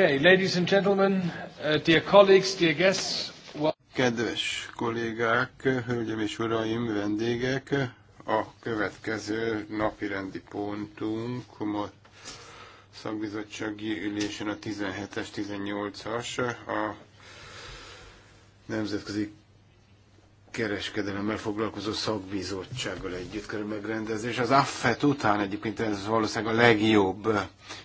Okay, ladies and gentlemen, uh, dear colleagues, dear guests. Kedves kollégák, hölgyeim és uraim, vendégek, a következő napi rendi pontunk ma szakbizottsági ülésen a 17-es, 18-as, a Nemzetközi kereskedelemmel foglalkozó szakbizottsággal együtt kerül megrendezés. és az AFFET után egyébként ez valószínűleg a legjobb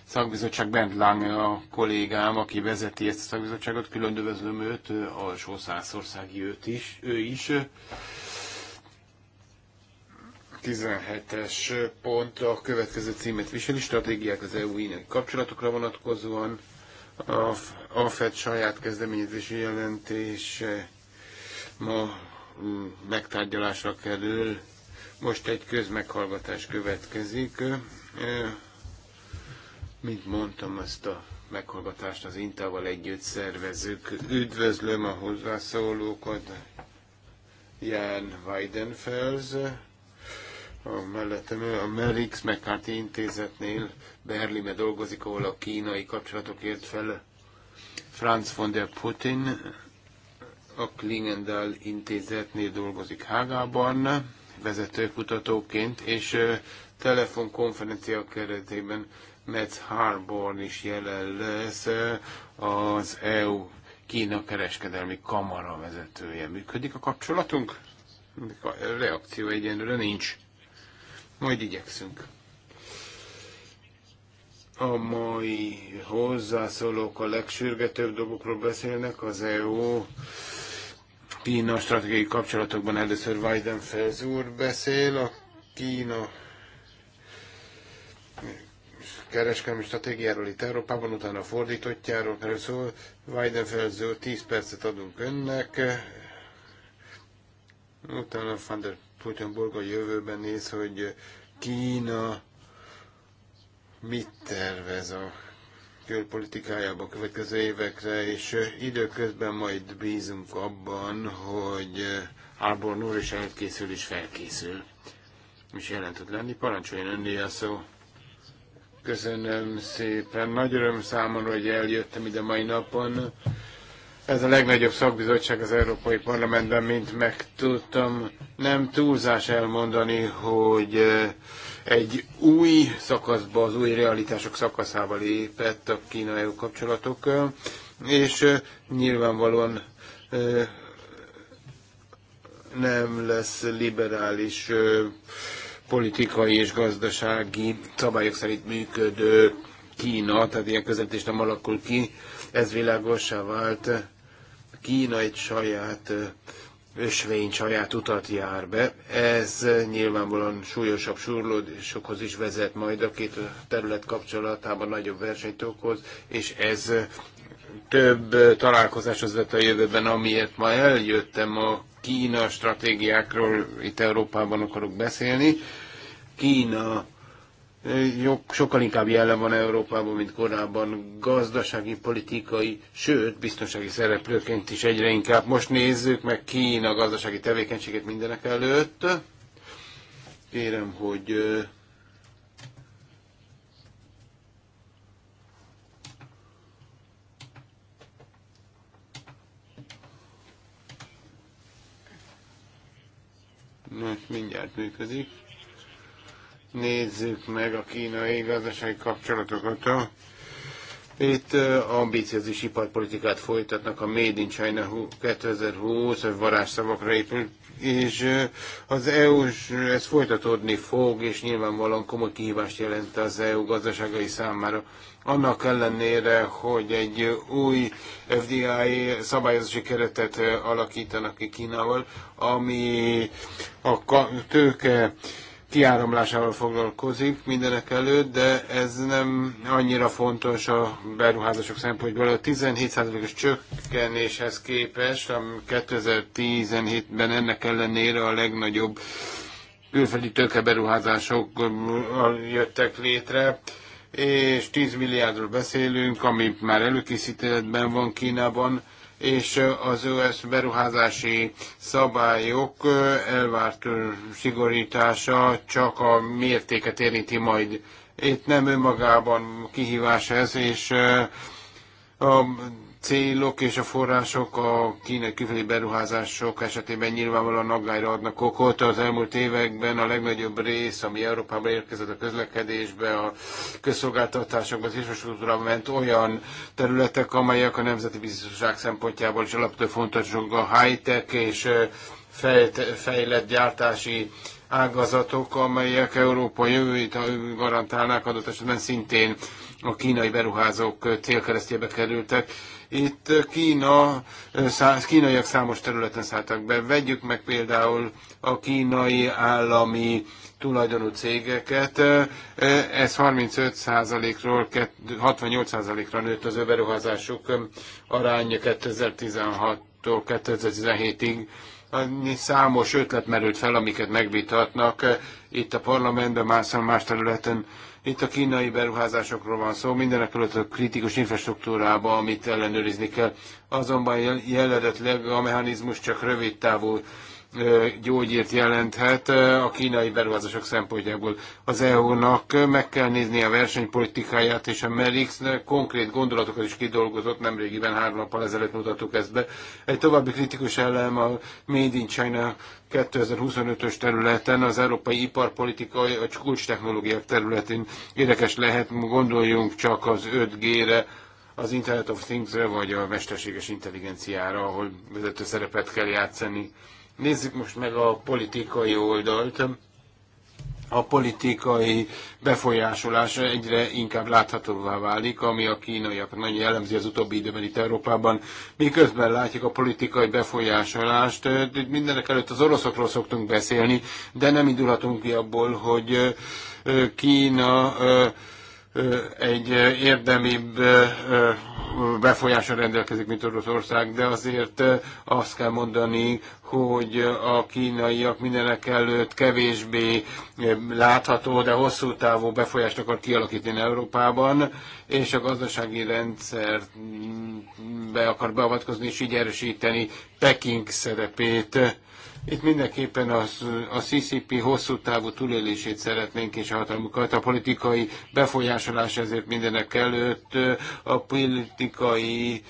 szakbizottság, Bent Lange a kollégám, aki vezeti ezt a szakbizottságot, külön üdvözlöm őt, alsó százországi őt is, ő is. 17-es pont a következő címet viseli, stratégiák az EU-inek kapcsolatokra vonatkozóan. A FED saját kezdeményezési jelentése ma megtárgyalásra kerül. Most egy közmeghallgatás következik. Mint mondtam, ezt a meghallgatást az Intával együtt szervezzük. Üdvözlöm a hozzászólókat, Ján Weidenfels, a mellettem a Merix McCarthy intézetnél Berlinbe dolgozik, ahol a kínai kapcsolatokért fel Franz von der Putin, a Klingendal intézetnél dolgozik Hágában, vezetőkutatóként, és telefonkonferencia keretében Metz Harborn is jelen lesz, az EU Kína kereskedelmi kamara vezetője. Működik a kapcsolatunk? A reakció egyenlőre nincs. Majd igyekszünk. A mai hozzászólók a legsürgetőbb dolgokról beszélnek, az EU Kína stratégiai kapcsolatokban először Weidenfels úr beszél, a Kína kereskedelmi stratégiáról itt Európában, utána a fordítottjáról mert szó. Weidenfels úr, 10 percet adunk önnek, utána van der Putenburg a jövőben néz, hogy Kína mit tervez a külpolitikájába a következő évekre, és időközben majd bízunk abban, hogy Ábor Nóri is elkészül és felkészül. És jelen tud lenni. Parancsoljon önné a szó. Köszönöm szépen. Nagy öröm számomra, hogy eljöttem ide mai napon. Ez a legnagyobb szakbizottság az Európai Parlamentben, mint megtudtam. Nem túlzás elmondani, hogy egy új szakaszba, az új realitások szakaszába lépett a kínai kapcsolatok, és nyilvánvalóan nem lesz liberális politikai és gazdasági szabályok szerint működő Kína, tehát ilyen közvetés nem alakul ki, ez világosá vált. Kína egy saját ösvény saját utat jár be. Ez nyilvánvalóan súlyosabb súrlódásokhoz is vezet majd a két terület kapcsolatában nagyobb versenyt okoz, és ez több találkozáshoz vett a jövőben, amiért ma eljöttem a Kína stratégiákról, itt Európában akarok beszélni. Kína sokkal inkább jelen van Európában, mint korábban gazdasági, politikai, sőt, biztonsági szereplőként is egyre inkább. Most nézzük meg Kína gazdasági tevékenységet mindenek előtt. Kérem, hogy Mindjárt működik nézzük meg a kínai gazdasági kapcsolatokat. Itt ambíciózis iparpolitikát folytatnak a Made in China 2020, a varázsszavakra épül, és az EU, ez folytatódni fog, és nyilvánvalóan komoly kihívást jelent az EU gazdaságai számára. Annak ellenére, hogy egy új FDI szabályozási keretet alakítanak ki Kínával, ami a tőke kiáramlásával foglalkozik mindenek előtt, de ez nem annyira fontos a beruházások szempontjából. A 17%-os csökkenéshez képest, ami 2017-ben ennek ellenére a legnagyobb külföldi tőkeberuházások jöttek létre, és 10 milliárdról beszélünk, ami már előkészítetben van Kínában, és az ÖSZ beruházási szabályok elvárt szigorítása csak a mértéket érinti majd. Itt nem önmagában kihívás ez, és a célok és a források a kínai külföldi beruházások esetében nyilvánvalóan aggályra adnak okot. Az elmúlt években a legnagyobb rész, ami Európában érkezett a közlekedésbe, a közszolgáltatásokba, az infrastruktúra ment olyan területek, amelyek a nemzeti biztonság szempontjából is alapvető fontosak a high-tech és fejlett gyártási ágazatok, amelyek Európa jövőjét garantálnák adott esetben szintén a kínai beruházók célkeresztjébe kerültek. Itt Kína, szá, kínaiak számos területen szálltak be. Vegyük meg például a kínai állami tulajdonú cégeket. Ez 35%-ról 68%-ra nőtt az ő beruházásuk aránya 2016-tól 2017-ig számos ötlet merült fel, amiket megvitatnak itt a parlamentben, más, más területen itt a kínai beruházásokról van szó, mindenek előtt a kritikus infrastruktúrába, amit ellenőrizni kell. Azonban jelenetleg a mechanizmus csak rövid távú gyógyírt jelenthet a kínai beruházások szempontjából. Az EU-nak meg kell nézni a versenypolitikáját, és a merix konkrét gondolatokat is kidolgozott, nemrégiben három nappal ezelőtt mutattuk ezt be. Egy további kritikus elem a Made in China 2025-ös területen, az európai iparpolitikai, a kulcs technológiák területén érdekes lehet, gondoljunk csak az 5G-re, az Internet of Things-re, vagy a mesterséges intelligenciára, ahol vezető szerepet kell játszani. Nézzük most meg a politikai oldalt. A politikai befolyásolása egyre inkább láthatóvá válik, ami a kínaiak nagyon jellemzi az utóbbi időben itt Európában. Miközben látjuk a politikai befolyásolást, mindenek előtt az oroszokról szoktunk beszélni, de nem indulhatunk ki abból, hogy Kína egy érdemibb befolyásra rendelkezik, mint Oroszország, de azért azt kell mondani, hogy a kínaiak mindenek előtt kevésbé látható, de hosszú távú befolyást akar kialakítani Európában, és a gazdasági rendszer be akar beavatkozni és így erősíteni Peking szerepét itt mindenképpen az, a CCP hosszú távú túlélését szeretnénk, és a hatalmukat. A politikai befolyásolás ezért mindenek előtt, a politikai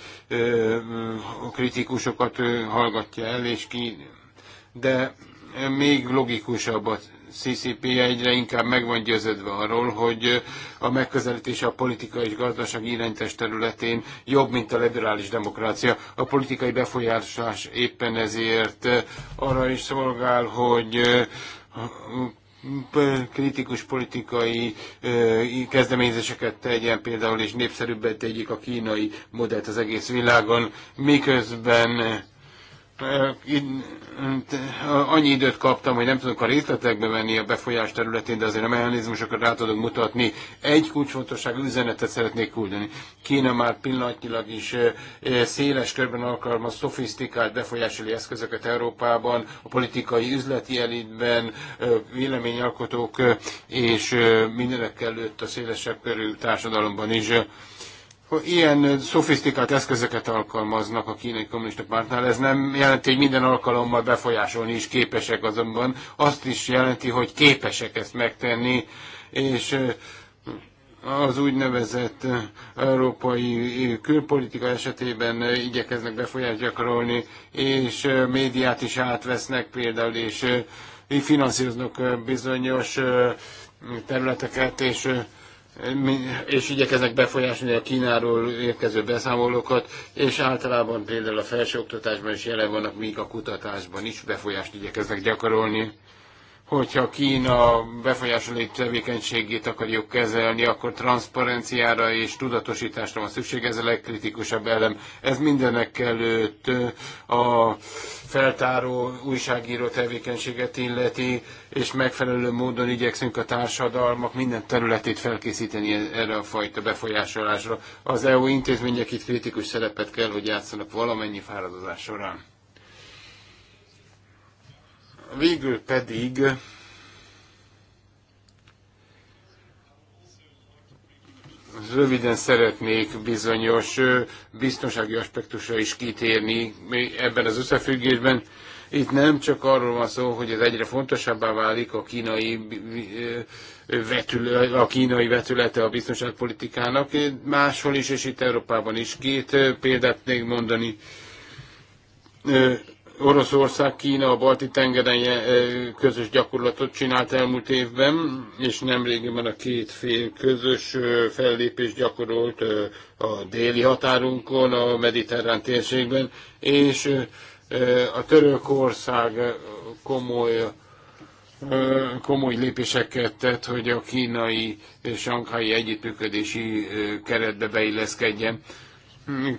a kritikusokat hallgatja el, és ki, de még logikusabb CCP egyre inkább meg van győződve arról, hogy a megközelítés a politika és gazdaság irányítás területén jobb, mint a liberális demokrácia. A politikai befolyásolás éppen ezért arra is szolgál, hogy kritikus politikai kezdeményezéseket tegyen, például és népszerűbbet tegyék a kínai modellt az egész világon, miközben annyi időt kaptam, hogy nem tudok a részletekbe menni a befolyás területén, de azért a mechanizmusokat rá tudok mutatni. Egy kulcsfontosságú üzenetet szeretnék küldeni. Kína már pillanatnyilag is széles körben alkalmaz szofisztikált befolyásoli eszközöket Európában, a politikai üzleti elitben, véleményalkotók és mindenek előtt a szélesebb körű társadalomban is hogy ilyen szofisztikált eszközöket alkalmaznak a kínai kommunista pártnál. Ez nem jelenti, hogy minden alkalommal befolyásolni is képesek azonban. Azt is jelenti, hogy képesek ezt megtenni, és az úgynevezett európai külpolitika esetében igyekeznek befolyást gyakorolni, és médiát is átvesznek például, és finanszíroznak bizonyos területeket, és és igyekeznek befolyásolni a Kínáról érkező beszámolókat, és általában például a felsőoktatásban is jelen vannak, míg a kutatásban is befolyást igyekeznek gyakorolni hogyha Kína befolyásolói tevékenységét akarjuk kezelni, akkor transzparenciára és tudatosításra van szükség, ez a legkritikusabb elem. Ez mindenek előtt a feltáró újságíró tevékenységet illeti, és megfelelő módon igyekszünk a társadalmak minden területét felkészíteni e- erre a fajta befolyásolásra. Az EU intézmények itt kritikus szerepet kell, hogy játszanak valamennyi fáradozás során. Végül pedig röviden szeretnék bizonyos biztonsági aspektusra is kitérni ebben az összefüggésben. Itt nem csak arról van szó, hogy ez egyre fontosabbá válik a kínai, vetül, a kínai vetülete a biztonságpolitikának, máshol is, és itt Európában is. Két példát még mondani Oroszország, Kína a balti tengeren közös gyakorlatot csinált elmúlt évben, és nemrégiben a két fél közös fellépés gyakorolt a déli határunkon, a mediterrán térségben, és a Törökország komoly komoly lépéseket tett, hogy a kínai sankhai együttműködési keretbe beilleszkedjen.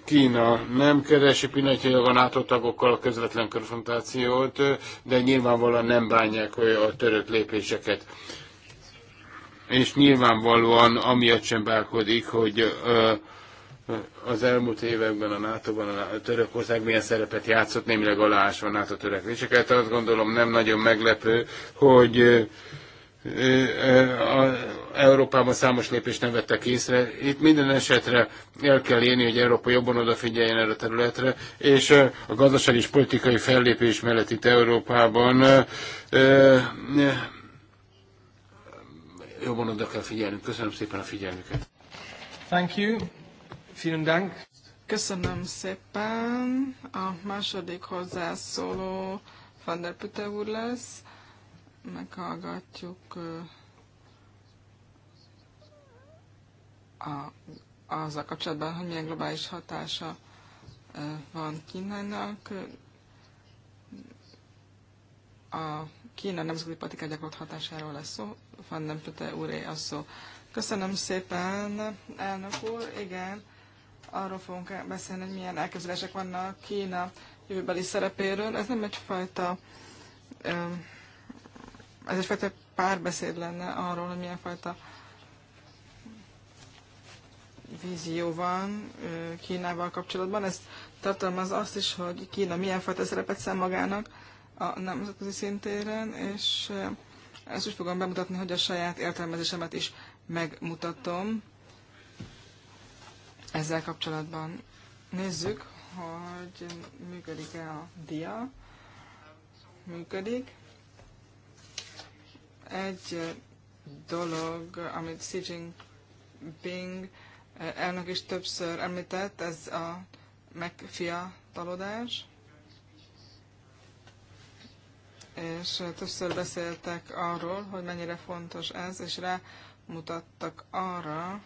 Kína nem keresi pillanatnyilag a NATO tagokkal a közvetlen konfrontációt, de nyilvánvalóan nem bánják a törött lépéseket. És nyilvánvalóan amiatt sem bálkodik, hogy az elmúlt években a NATO-ban a Törökország milyen szerepet játszott, némileg aláásva a NATO törekvéseket. Azt gondolom nem nagyon meglepő, hogy Európában számos lépést nem vettek észre. Itt minden esetre el kell élni, hogy Európa jobban odafigyeljen erre a területre, és a gazdasági és politikai fellépés mellett itt Európában jobban oda kell figyelnünk. Köszönöm szépen a figyelmüket. Thank you. Vielen Dank. Köszönöm szépen. A második hozzászóló Van der Pütte úr lesz. Meghallgatjuk a, azzal kapcsolatban, hogy milyen globális hatása van Kínának. A Kína nemzeti politikája gyakorlat hatásáról lesz szó. Van nem Pöte úré a szó. Köszönöm szépen, elnök úr. Igen, arról fogunk beszélni, hogy milyen elképzelések vannak Kína jövőbeli szerepéről. Ez nem egyfajta ez egyfajta párbeszéd lenne arról, hogy milyen fajta vízió van Kínával kapcsolatban. Ez tartalmaz azt is, hogy Kína milyen fajta szerepet szem magának a nemzetközi szintéren, és ezt úgy fogom bemutatni, hogy a saját értelmezésemet is megmutatom ezzel kapcsolatban. Nézzük, hogy működik-e a dia. Működik. Egy dolog, amit Xi Jinping elnök is többször említett, ez a megfiatalodás. És többször beszéltek arról, hogy mennyire fontos ez, és rámutattak arra,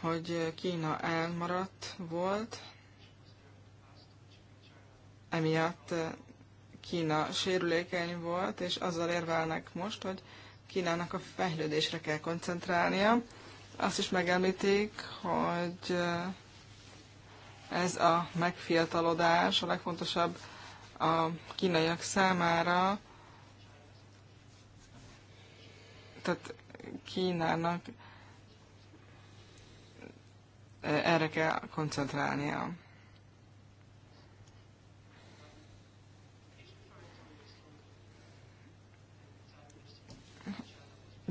hogy Kína elmaradt volt, emiatt Kína sérülékeny volt, és azzal érvelnek most, hogy Kínának a fejlődésre kell koncentrálnia. Azt is megemlítik, hogy eh, ez a megfiatalodás a legfontosabb a kínaiak számára. Tehát Kínának eh, erre kell koncentrálnia.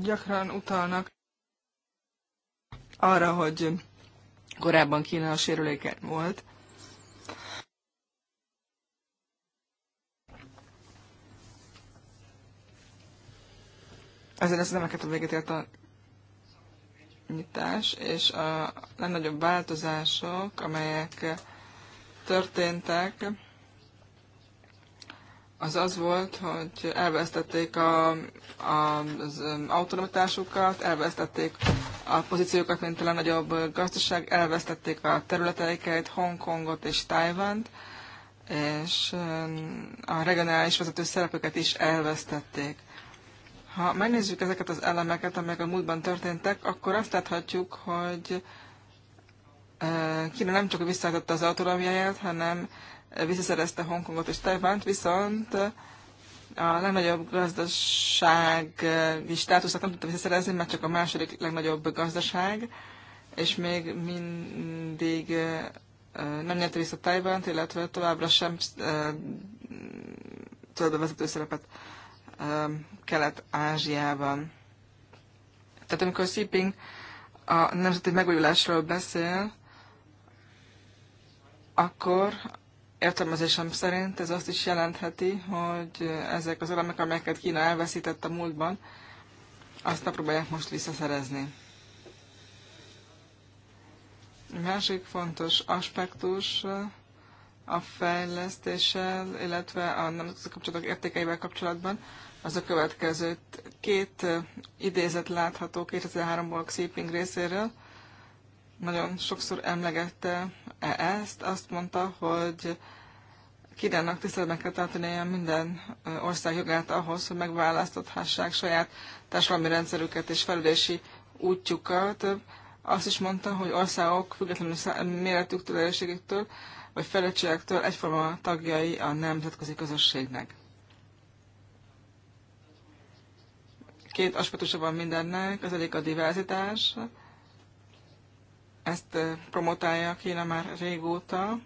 gyakran utalnak arra, hogy korábban Kína a sérülékeny volt. Ezért ezt nem a véget ért a nyitás, és a legnagyobb változások, amelyek történtek, az az volt, hogy elvesztették a, a, az um, autonomitásukat, elvesztették a pozíciókat, mint a nagyobb gazdaság, elvesztették a területeiket, Hongkongot és Tajvant, és um, a regionális vezető szerepüket is elvesztették. Ha megnézzük ezeket az elemeket, amelyek a múltban történtek, akkor azt láthatjuk, hogy uh, Kína nem csak visszaadta az autonómiáját, hanem visszaszerezte Hongkongot és Tajvánt, viszont a legnagyobb gazdasági státuszat nem tudta visszaszerezni, mert csak a második legnagyobb gazdaság, és még mindig nem nyerte vissza Tajvánt, illetve továbbra sem tölt vezető szerepet Kelet-Ázsiában. Tehát amikor Xi Jinping a nemzeti megújulásról beszél, akkor értelmezésem szerint ez azt is jelentheti, hogy ezek az elemek, amelyeket Kína elveszített a múltban, azt próbálják most visszaszerezni. Másik fontos aspektus a fejlesztéssel, illetve a nemzetközi kapcsolatok értékeivel kapcsolatban az a következő. Két idézet látható 2003-ból Xi Jinping részéről, nagyon sokszor emlegette e ezt, azt mondta, hogy Királynak tiszteletben kell tartania minden ország jogát ahhoz, hogy megválasztathassák saját társadalmi rendszerüket és felülési útjukat. Azt is mondta, hogy országok függetlenül méretüktől, erőségüktől vagy felettségektől egyforma tagjai a nemzetközi közösségnek. Két aspektusa van mindennek, az egyik a diverzitás, ezt promotálja Kína már régóta,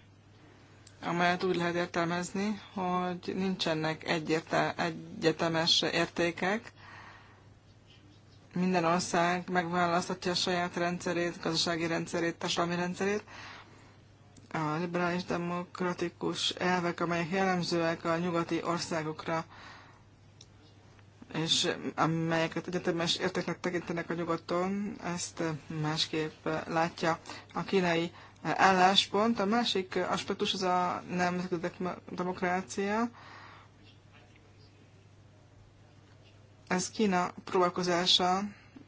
amelyet úgy lehet értelmezni, hogy nincsenek egyértel- egyetemes értékek. Minden ország megválasztatja a saját rendszerét, gazdasági rendszerét, társadalmi rendszerét. A liberális demokratikus elvek, amelyek jellemzőek a nyugati országokra, és amelyeket egyetemes értéknek tekintenek a nyugaton, ezt másképp látja a kínai álláspont. A másik aspektus az a nemzetközi demokrácia. Ez Kína próbálkozása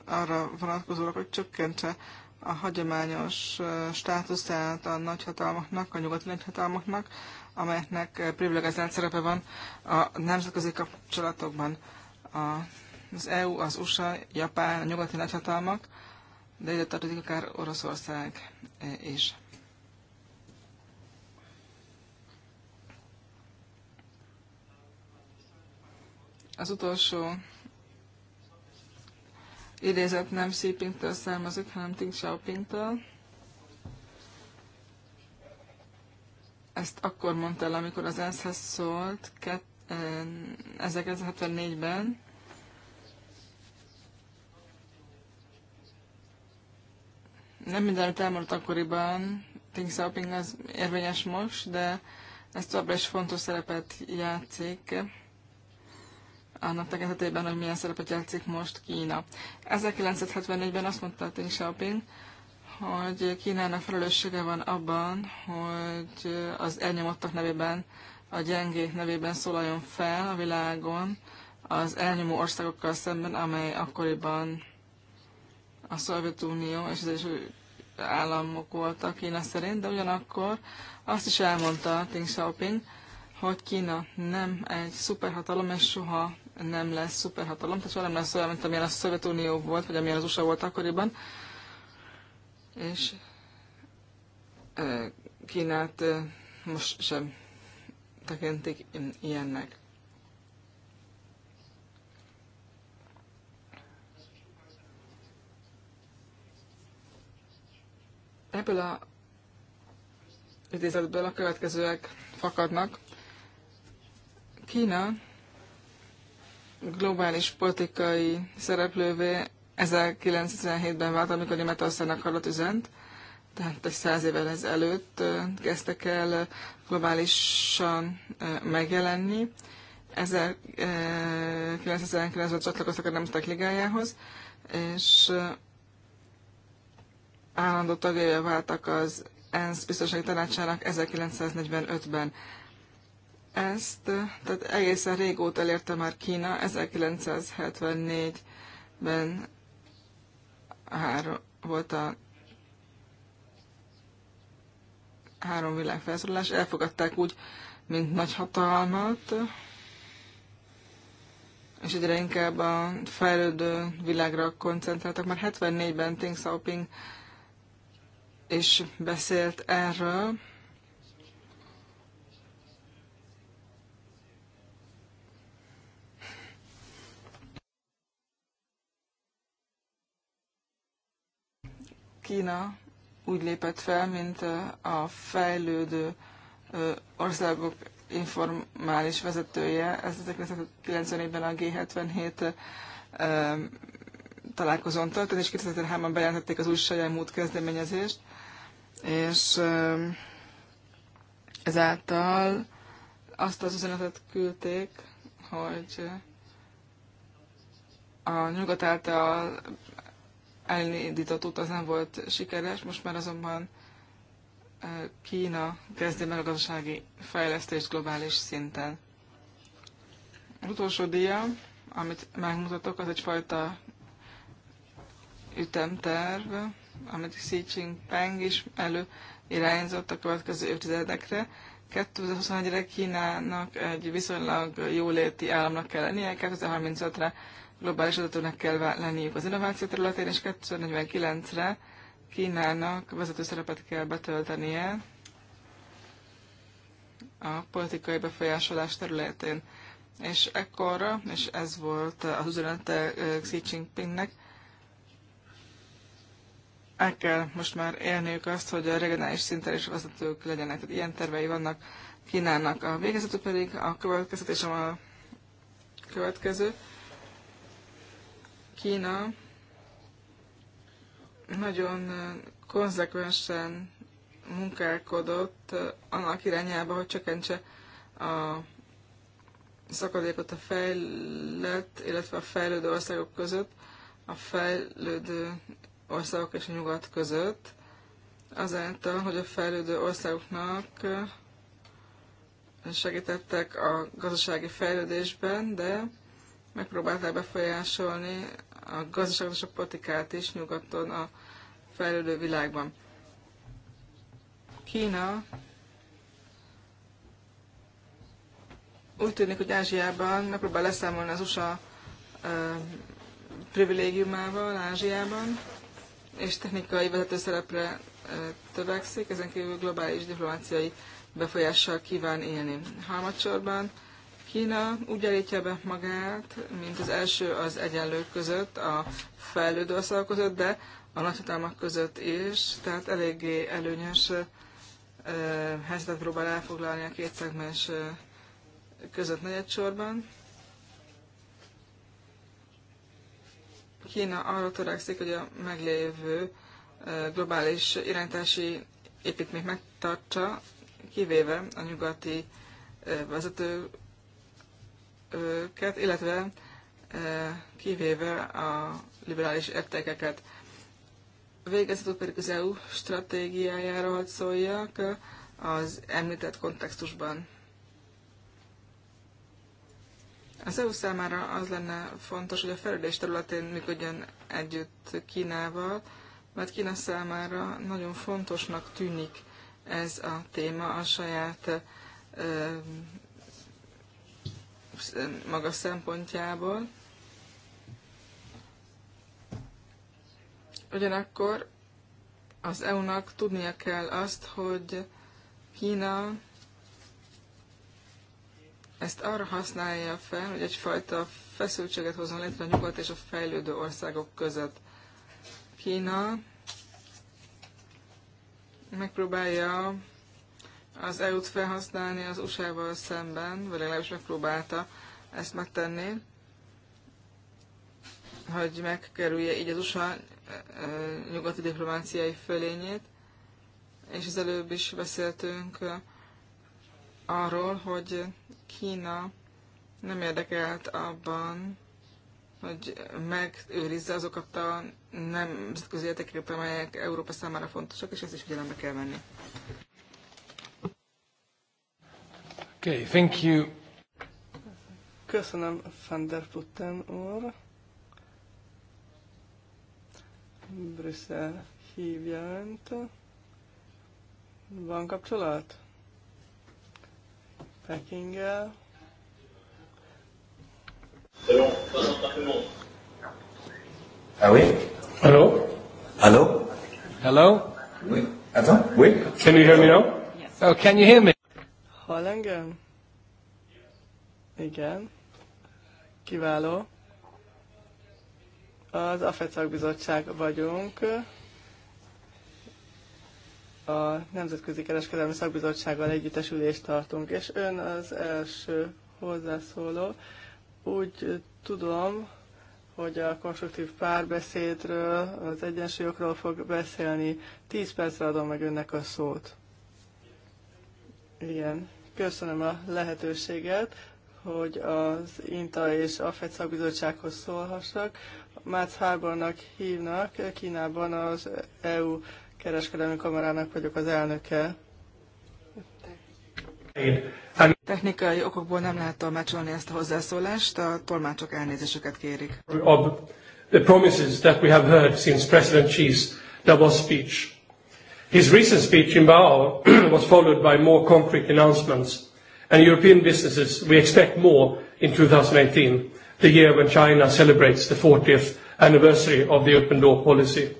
arra vonatkozólag, hogy csökkentse a hagyományos státuszát a nagyhatalmaknak, a nyugati nagyhatalmaknak, amelyeknek privilegizált szerepe van a nemzetközi kapcsolatokban az EU, az USA, Japán, a nyugati nagyhatalmak, de ide tartozik akár Oroszország is. Az utolsó idézet nem Xi Jinpingtől származik, hanem Deng Xiaopingtől. Ezt akkor mondta el, amikor az ENSZ-hez szólt 1974-ben, nem minden, amit elmondott akkoriban, Think Shopping az érvényes most, de ez továbbra is fontos szerepet játszik annak tekintetében, hogy milyen szerepet játszik most Kína. 1974-ben azt mondta a Deng Xiaoping, hogy Kínának felelőssége van abban, hogy az elnyomottak nevében, a gyengék nevében szólaljon fel a világon az elnyomó országokkal szemben, amely akkoriban a Szovjetunió és az Egyesült Államok voltak Kína szerint, de ugyanakkor azt is elmondta Ting Xiaoping, hogy Kína nem egy szuperhatalom, és soha nem lesz szuperhatalom, tehát soha nem lesz olyan, mint amilyen a Szovjetunió volt, vagy amilyen az USA volt akkoriban. És Kínát most sem tekintik ilyennek. Ebből a idézetből a következőek fakadnak. Kína globális politikai szereplővé 1917-ben vált, amikor Németországnak halat üzent, tehát egy száz évvel ezelőtt kezdtek el globálisan megjelenni. 1919-ben csatlakoztak a Nemzetek Ligájához, és állandó tagjai váltak az ENSZ biztonsági tanácsának 1945-ben. Ezt, tehát egészen régóta elérte már Kína, 1974-ben három, volt a három világfelszólalás, elfogadták úgy, mint nagy hatalmat, és egyre inkább a fejlődő világra koncentráltak. Már 74-ben Ting Xiaoping és beszélt erről. Kína úgy lépett fel, mint a fejlődő országok informális vezetője. Ez 1994-ben a G77 találkozón történt, és 2003-ban bejelentették az új saját mód kezdeményezést és ezáltal azt az üzenetet küldték, hogy a nyugat által elindított út az nem volt sikeres, most már azonban Kína kezdi meg a gazdasági fejlesztést globális szinten. Az utolsó díja, amit megmutatok, az egyfajta ütemterv, amit Xi Jinping is elő irányzott a következő évtizedekre. 2021-re Kínának egy viszonylag jóléti államnak kell lennie, 2035-re globális vezetőnek kell lenniük az innováció területén, és 2049-re Kínának vezető szerepet kell betöltenie a politikai befolyásolás területén. És ekkor, és ez volt az üzenete eh, Xi Jinpingnek, el kell most már élniük azt, hogy a regionális szinten is vezetők legyenek. Tehát ilyen tervei vannak Kínának. A végezetük pedig a következetésem a következő. Kína nagyon konzekvensen munkálkodott eh, annak irányába, hogy csökkentse a szakadékot a fejlett, illetve a fejlődő országok között. A fejlődő országok és a nyugat között, azáltal, hogy a fejlődő országoknak eh, segítettek a gazdasági fejlődésben, de megpróbálták befolyásolni a gazdaságot és a politikát is nyugaton a fejlődő világban. Kína úgy tűnik, hogy Ázsiában megpróbál leszámolni az USA eh, privilégiumával Ázsiában, és technikai vezető szerepre tövekszik, ezen kívül globális diplomáciai befolyással kíván élni. Harmadsorban Kína úgy állítja be magát, mint az első az egyenlők között, a fejlődő országok között, de a nagyhatalmak között is, tehát eléggé előnyös helyzetet próbál elfoglalni a két szegmens között negyedsorban. Kína arra törekszik, hogy a meglévő globális irányítási építményt megtartsa, kivéve a nyugati vezetőket, illetve kivéve a liberális értékeket. Végezetül pedig az EU stratégiájára hadd szóljak az említett kontextusban. Az EU számára az lenne fontos, hogy a fejlődés területén működjön együtt Kínával, mert Kína számára nagyon fontosnak tűnik ez a téma a saját ö, maga szempontjából. Ugyanakkor az EU-nak tudnia kell azt, hogy Kína ezt arra használja fel, hogy egyfajta feszültséget hozzon létre a nyugat és a fejlődő országok között. Kína megpróbálja az EU-t felhasználni az USA-val szemben, vagy legalábbis megpróbálta ezt megtenni, hogy megkerülje így az USA nyugati diplomáciai fölényét, és az előbb is beszéltünk arról, hogy Kína nem érdekelt abban, hogy megőrizze azokat a nemzetközi értékeket, amelyek Európa számára fontosak, és ezt is figyelembe kell venni. Okay, thank you. Köszönöm, Van der Putten úr. Brüsszel hívja önt. Van kapcsolat? Pekinggel. Ah oui? Hello? Hello? Hello? Oui. Attends, oui? Can you hear me now? Yes. Oh, can you hear me? Hall engem? Igen. Kiváló. Az AFECAK bizottság vagyunk a Nemzetközi Kereskedelmi Szakbizottsággal együttesülést tartunk, és ön az első hozzászóló. Úgy tudom, hogy a konstruktív párbeszédről, az egyensúlyokról fog beszélni. Tíz percre adom meg önnek a szót. Igen, köszönöm a lehetőséget, hogy az INTA és AFET szakbizottsághoz szólhassak. Mácz Hábornak hívnak Kínában az EU kereskedelmi kamarának vagyok az elnöke. Technikai okokból nem lehet tolmácsolni ezt a hozzászólást, a tolmácsok elnézéseket kérik. Of the promises that we have heard since President Xi's Davos speech. His recent speech in Baal was followed by more concrete announcements. And European businesses, we expect more in 2018, the year when China celebrates the 40th anniversary of the open door policy.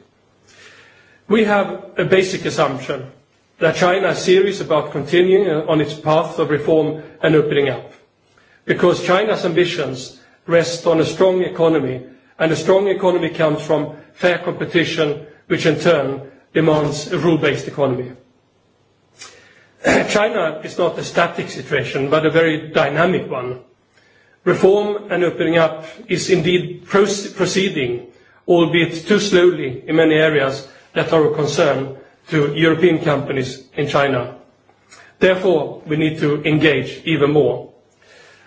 We have a basic assumption that China is serious about continuing uh, on its path of reform and opening up, because China's ambitions rest on a strong economy, and a strong economy comes from fair competition, which in turn demands a rule-based economy. China is not a static situation, but a very dynamic one. Reform and opening up is indeed proceeding, albeit too slowly in many areas, that are a concern to European companies in China. Therefore, we need to engage even more.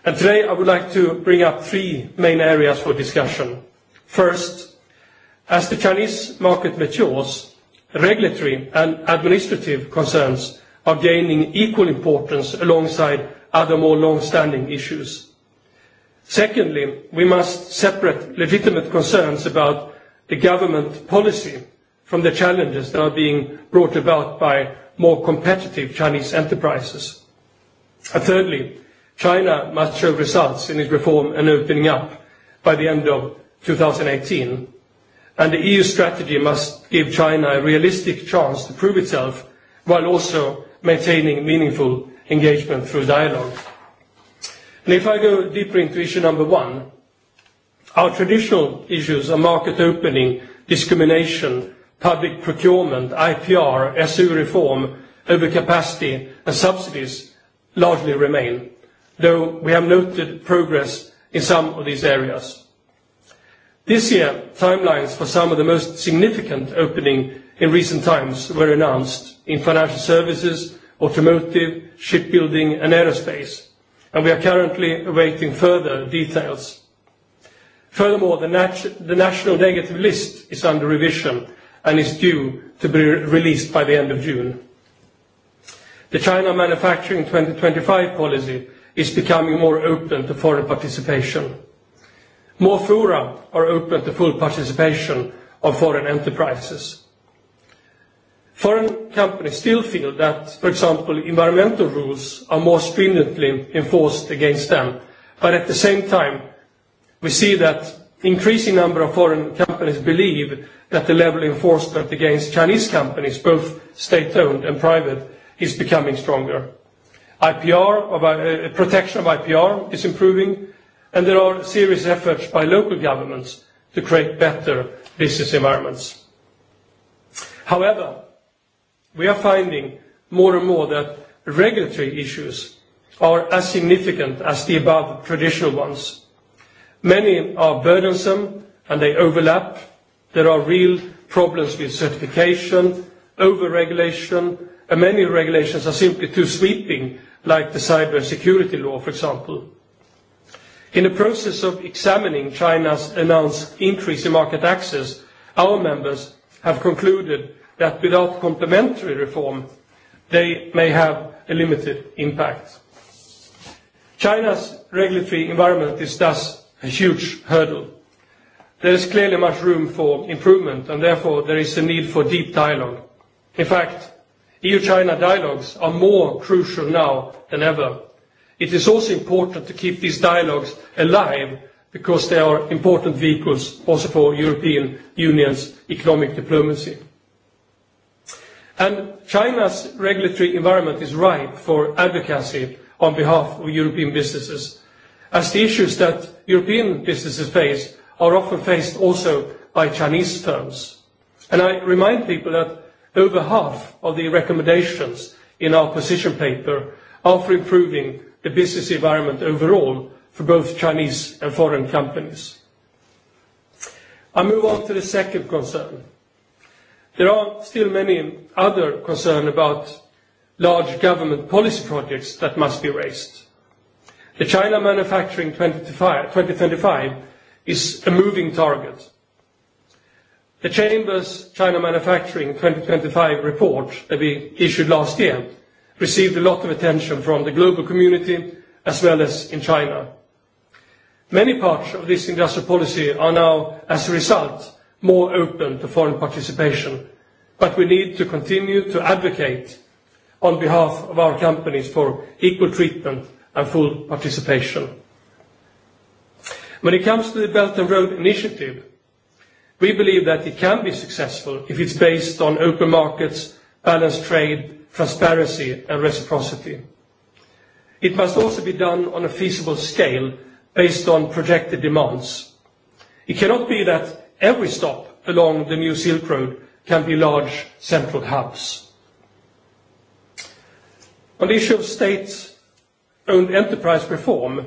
And today I would like to bring up three main areas for discussion. First, as the Chinese market matures, regulatory and administrative concerns are gaining equal importance alongside other more long-standing issues. Secondly, we must separate legitimate concerns about the government policy from the challenges that are being brought about by more competitive Chinese enterprises. And thirdly, China must show results in its reform and opening up by the end of 2018, and the EU strategy must give China a realistic chance to prove itself while also maintaining meaningful engagement through dialogue. And if I go deeper into issue number one, our traditional issues are market opening, discrimination, public procurement, IPR, SU reform, overcapacity, and subsidies largely remain, though we have noted progress in some of these areas. This year, timelines for some of the most significant opening in recent times were announced in financial services, automotive, shipbuilding, and aerospace, and we are currently awaiting further details. Furthermore, the, nat the national negative list is under revision, and is due to be released by the end of June. The China Manufacturing 2025 policy is becoming more open to foreign participation. More fora are open to full participation of foreign enterprises. Foreign companies still feel that, for example, environmental rules are more stringently enforced against them. But at the same time, we see that increasing number of foreign companies believe that the level of enforcement against Chinese companies, both state-owned and private, is becoming stronger. IPR, of, uh, uh, protection of IPR is improving, and there are serious efforts by local governments to create better business environments. However, we are finding more and more that regulatory issues are as significant as the above traditional ones. Many are burdensome, and they overlap, There are real problems with certification, over-regulation, and many regulations are simply too sweeping, like the cybersecurity law, for example. In the process of examining China's announced increase in market access, our members have concluded that without complementary reform, they may have a limited impact. China's regulatory environment is thus a huge hurdle. There is clearly much room for improvement, and therefore there is a need for deep dialogue. In fact, EU-China dialogues are more crucial now than ever. It is also important to keep these dialogues alive because they are important vehicles also for European Union's economic diplomacy. And China's regulatory environment is ripe for advocacy on behalf of European businesses, as the issues that European businesses face are often faced also by Chinese firms. And I remind people that over half of the recommendations in our position paper are for improving the business environment overall for both Chinese and foreign companies. I move on to the second concern. There are still many other concerns about large government policy projects that must be raised. The China Manufacturing 2025 is a moving target. The Chamber's China Manufacturing 2025 report that we issued last year received a lot of attention from the global community as well as in China. Many parts of this industrial policy are now, as a result, more open to foreign participation, but we need to continue to advocate on behalf of our companies for equal treatment and full participation. When it comes to the Belt and Road Initiative, we believe that it can be successful if it's based on open markets, balanced trade, transparency, and reciprocity. It must also be done on a feasible scale based on projected demands. It cannot be that every stop along the new Silk Road can be large central hubs. On the issue of state-owned enterprise reform,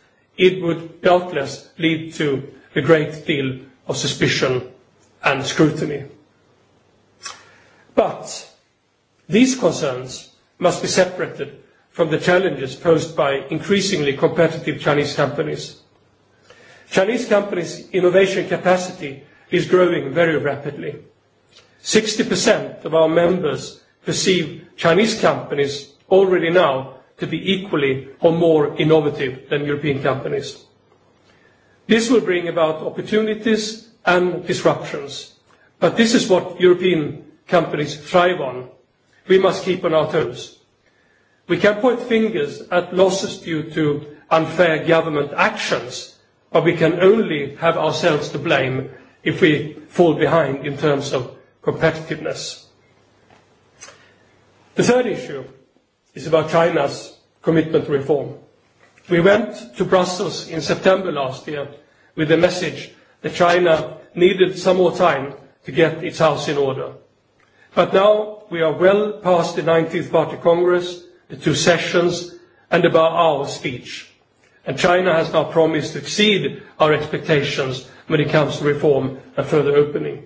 it would doubtless lead to a great deal of suspicion and scrutiny. But these concerns must be separated from the challenges posed by increasingly competitive Chinese companies. Chinese companies' innovation capacity is growing very rapidly. 60% of our members perceive Chinese companies already now to be equally or more innovative than European companies. This will bring about opportunities and disruptions, but this is what European companies thrive on. We must keep on our toes. We can point fingers at losses due to unfair government actions, but we can only have ourselves to blame if we fall behind in terms of competitiveness. The third issue is about China's commitment to reform. We went to Brussels in September last year with the message that China needed some more time to get its house in order. But now we are well past the 19th Party Congress, the two sessions, and about our speech. And China has now promised to exceed our expectations when it comes to reform and further opening.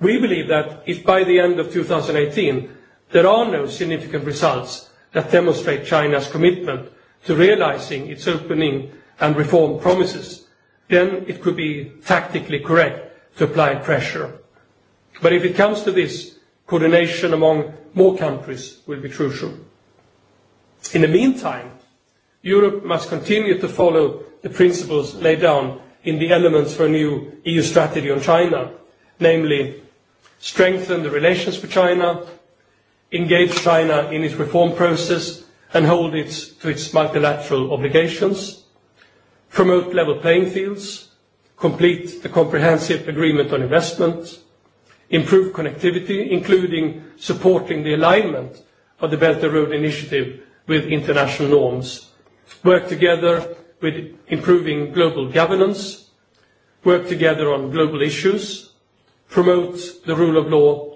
We believe that if by the end of 2018 There are no significant results that demonstrate China's commitment to realizing its opening and reform promises, then it could be tactically correct to apply pressure. But if it comes to this, coordination among more countries will be crucial. In the meantime, Europe must continue to follow the principles laid down in the elements for a new EU strategy on China, namely strengthen the relations with China, engage China in its reform process and hold it to its multilateral obligations, promote level playing fields, complete the comprehensive agreement on investment, improve connectivity, including supporting the alignment of the Belt and Road Initiative with international norms, work together with improving global governance, work together on global issues, promote the rule of law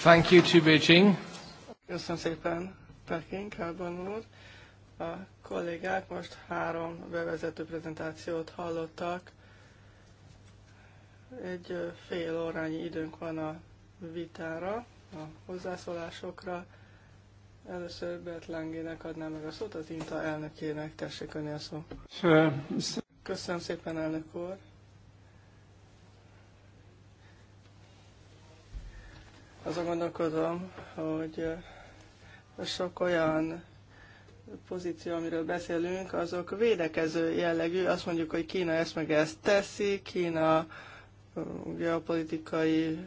Thank you to Beijing. Köszönöm szépen, Peking, Kárban úr. A kollégák most három bevezető prezentációt hallottak. Egy fél órányi időnk van a vitára, a hozzászólásokra. Először Bert Langének adnám meg a szót, az INTA elnökének. Tessék önni a szó. Köszönöm szépen, elnök úr. azon gondolkodom, hogy eh, sok olyan pozíció, amiről beszélünk, azok védekező jellegű. Azt mondjuk, hogy Kína ezt meg ezt teszi, Kína eh, geopolitikai,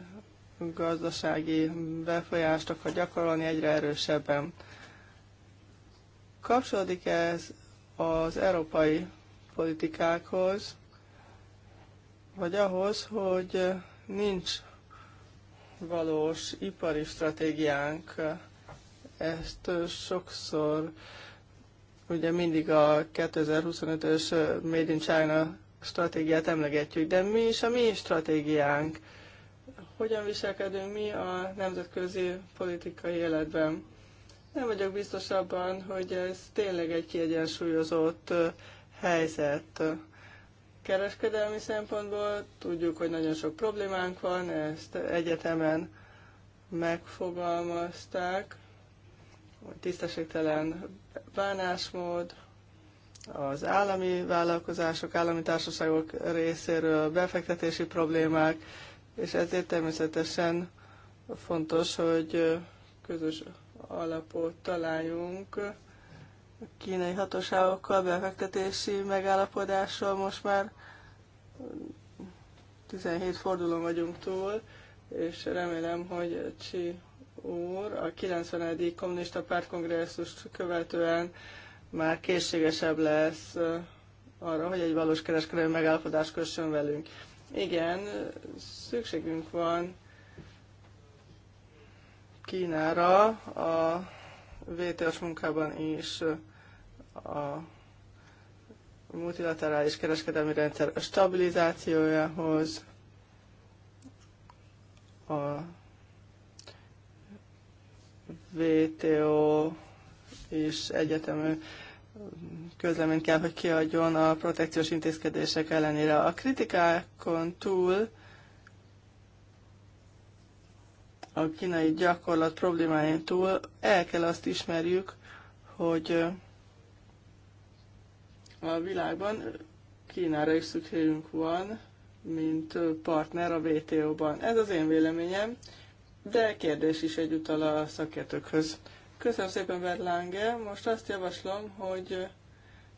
gazdasági befolyást akar gyakorolni egyre erősebben. Kapcsolódik ez az európai politikákhoz, vagy ahhoz, hogy eh, nincs valós ipari stratégiánk. Ezt sokszor, ugye mindig a 2025-ös Made in China stratégiát emlegetjük, de mi is a mi stratégiánk? Hogyan viselkedünk mi a nemzetközi politikai életben? Nem vagyok biztos abban, hogy ez tényleg egy kiegyensúlyozott helyzet Kereskedelmi szempontból tudjuk, hogy nagyon sok problémánk van, ezt egyetemen megfogalmazták, hogy tisztességtelen bánásmód, az állami vállalkozások, állami társaságok részéről befektetési problémák, és ezért természetesen fontos, hogy közös alapot találjunk kínai hatóságokkal befektetési megállapodásról most már 17 fordulón vagyunk túl, és remélem, hogy Csi úr a 90. kommunista pártkongresszust követően már készségesebb lesz arra, hogy egy valós kereskedelmi megállapodást kössön velünk. Igen, szükségünk van Kínára a VTS munkában is a multilaterális kereskedelmi rendszer stabilizációjához, a VTO és egyetemű közleményt kell, hogy kiadjon a protekciós intézkedések ellenére. A kritikákon túl a kínai gyakorlat problémáin túl el kell azt ismerjük, hogy a világban. Kínára is szükségünk van, mint partner a WTO-ban. Ez az én véleményem, de kérdés is egyúttal a szakértőkhöz. Köszönöm szépen, Berlange. Most azt javaslom, hogy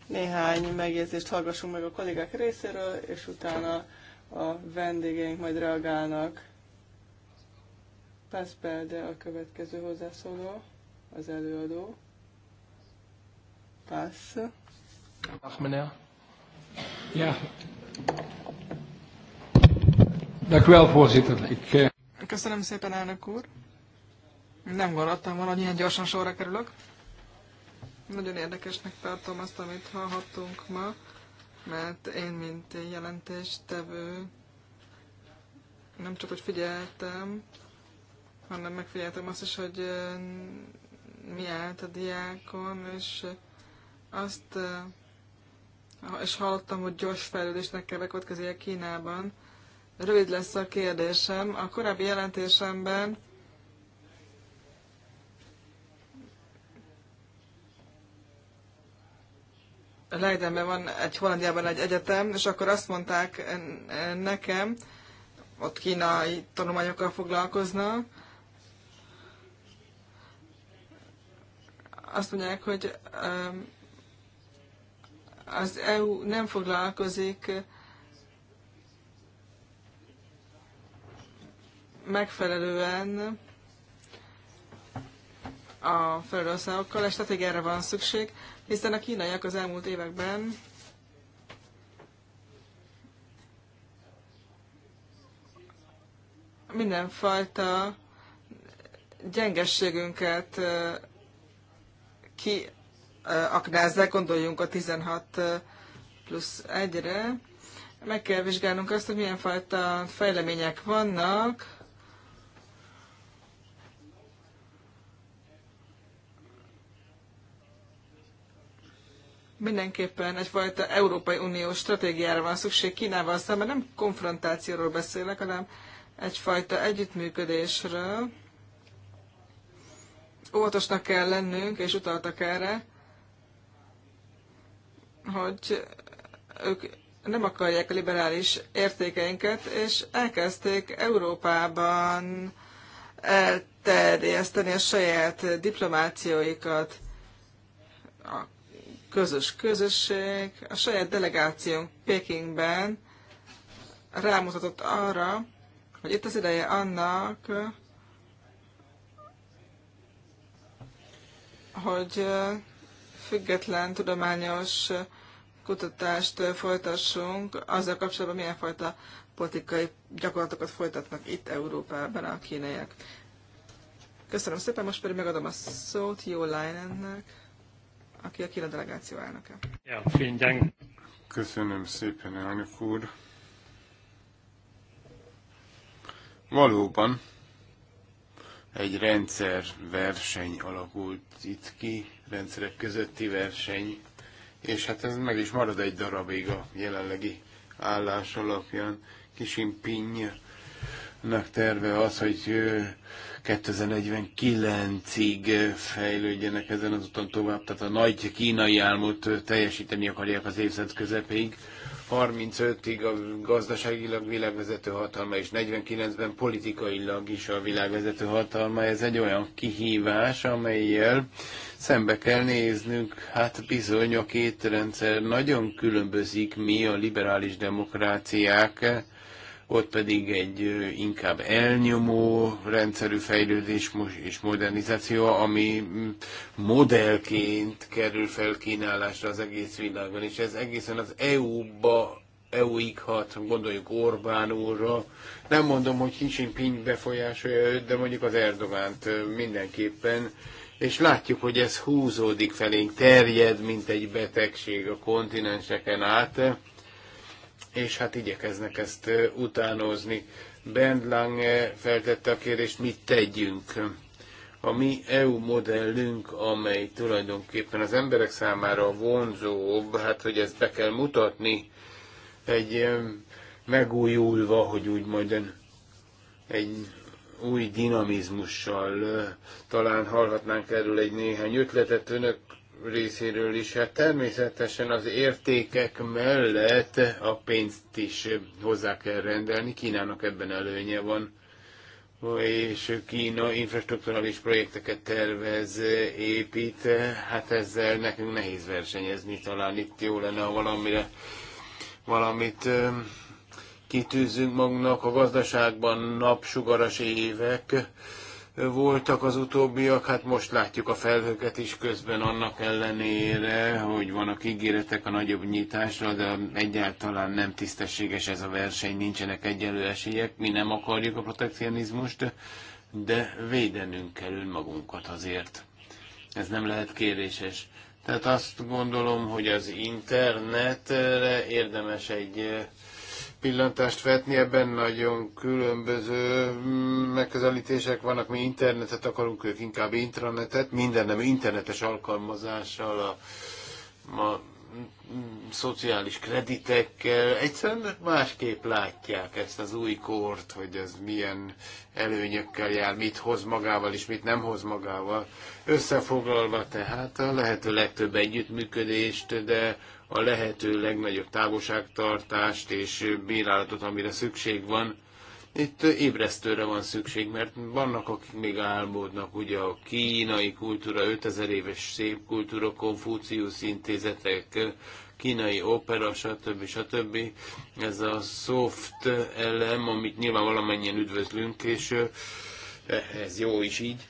néhány megjegyzést hallgassunk meg a kollégák részéről, és utána a vendégeink majd reagálnak. Pászpel, de a következő hozzászóló, az előadó. Pász. Achmener. Ja. Dank u wel, voorzitter. Ik, eh, Köszönöm szépen, elnök úr. Nem gondoltam volna, hogy ilyen gyorsan sorra kerülök. Nagyon érdekesnek tartom azt, amit hallhattunk ma, mert én, mint jelentéstevő, nem csak hogy figyeltem, hanem megfigyeltem azt is, hogy eh, mi állt a diákon, és azt eh, és hallottam, hogy gyors fejlődésnek kell a Kínában. Rövid lesz a kérdésem. A korábbi jelentésemben Leidenben van egy Hollandiában egy egyetem, és akkor azt mondták nekem, ott kínai tanulmányokkal foglalkozna. azt mondják, hogy um, az EU nem foglalkozik megfelelően a felelősszágokkal, és erre van szükség, hiszen a kínaiak az elmúlt években mindenfajta gyengességünket ki Eh, aknázzák, gondoljunk a 16 eh, plusz 1-re. Meg kell vizsgálnunk azt, hogy milyen fajta fejlemények vannak, mindenképpen egyfajta Európai Unió stratégiára van szükség Kínával szemben, nem konfrontációról beszélek, hanem egyfajta együttműködésről. Óvatosnak kell lennünk, és utaltak erre, hogy ők nem akarják a liberális értékeinket, és elkezdték Európában elterjeszteni a saját diplomációikat, a közös közösség, a saját delegációnk Pekingben rámutatott arra, hogy itt az ideje annak, hogy független tudományos kutatást folytassunk, azzal kapcsolatban milyen fajta politikai gyakorlatokat folytatnak itt Európában a kínaiak. Köszönöm szépen, most pedig megadom a szót Jó Lájnennek, aki a Kína delegáció elnöke. Ja, Köszönöm szépen, elnök úr. Valóban egy rendszerverseny alakult itt ki, rendszerek közötti verseny, és hát ez meg is marad egy darabig a jelenlegi állás alapján. Kisim terve az, hogy 2049-ig fejlődjenek ezen az úton tovább, tehát a nagy kínai álmot teljesíteni akarják az évszázad közepéig. 35-ig a gazdaságilag világvezető hatalma, és 49-ben politikailag is a világvezető hatalma. Ez egy olyan kihívás, amelyel szembe kell néznünk. Hát bizony a két rendszer nagyon különbözik mi a liberális demokráciák ott pedig egy inkább elnyomó rendszerű fejlődés és modernizáció, ami mm, modellként kerül fel kínálásra az egész világon, és ez egészen az EU-ba EU-ig hat, gondoljuk Orbán úrra. Nem mondom, hogy Xi Jinping befolyásolja őt, de mondjuk az Erdogánt mindenképpen. És látjuk, hogy ez húzódik felénk, terjed, mint egy betegség a kontinenseken át és hát igyekeznek ezt utánozni. Bernd Lange feltette a kérdést, mit tegyünk. A mi EU modellünk, amely tulajdonképpen az emberek számára vonzóbb, hát hogy ezt be kell mutatni, egy megújulva, hogy úgy mondjam, egy új dinamizmussal talán hallhatnánk erről egy néhány ötletet önök részéről is. Hát természetesen az értékek mellett a pénzt is hozzá kell rendelni. Kínának ebben előnye van és Kína infrastruktúrális projekteket tervez, épít, hát ezzel nekünk nehéz versenyezni, talán itt jó lenne, ha valamire, valamit kitűzünk magunknak a gazdaságban napsugaras évek, voltak az utóbbiak, hát most látjuk a felhőket is közben annak ellenére, hogy vannak ígéretek a nagyobb nyitásra, de egyáltalán nem tisztességes ez a verseny, nincsenek egyenlő esélyek, mi nem akarjuk a protekcionizmust, de védenünk kell önmagunkat azért. Ez nem lehet kéréses. Tehát azt gondolom, hogy az internetre érdemes egy pillantást vetni, ebben nagyon különböző mm, megközelítések vannak, mi internetet akarunk, ők inkább intranetet, minden nem internetes alkalmazással, a, a mm, szociális kreditekkel, egyszerűen másképp látják ezt az új kort, hogy ez milyen előnyökkel jár, mit hoz magával és mit nem hoz magával. Összefoglalva tehát a lehető legtöbb együttműködést, de a lehető legnagyobb távolságtartást és bírálatot, amire szükség van. Itt ébresztőre van szükség, mert vannak, akik még álmodnak, ugye a kínai kultúra, 5000 éves szép kultúra, konfúciusz intézetek, kínai opera, stb. stb. Ez a soft elem, amit nyilván valamennyien üdvözlünk, és eh, ez jó is így,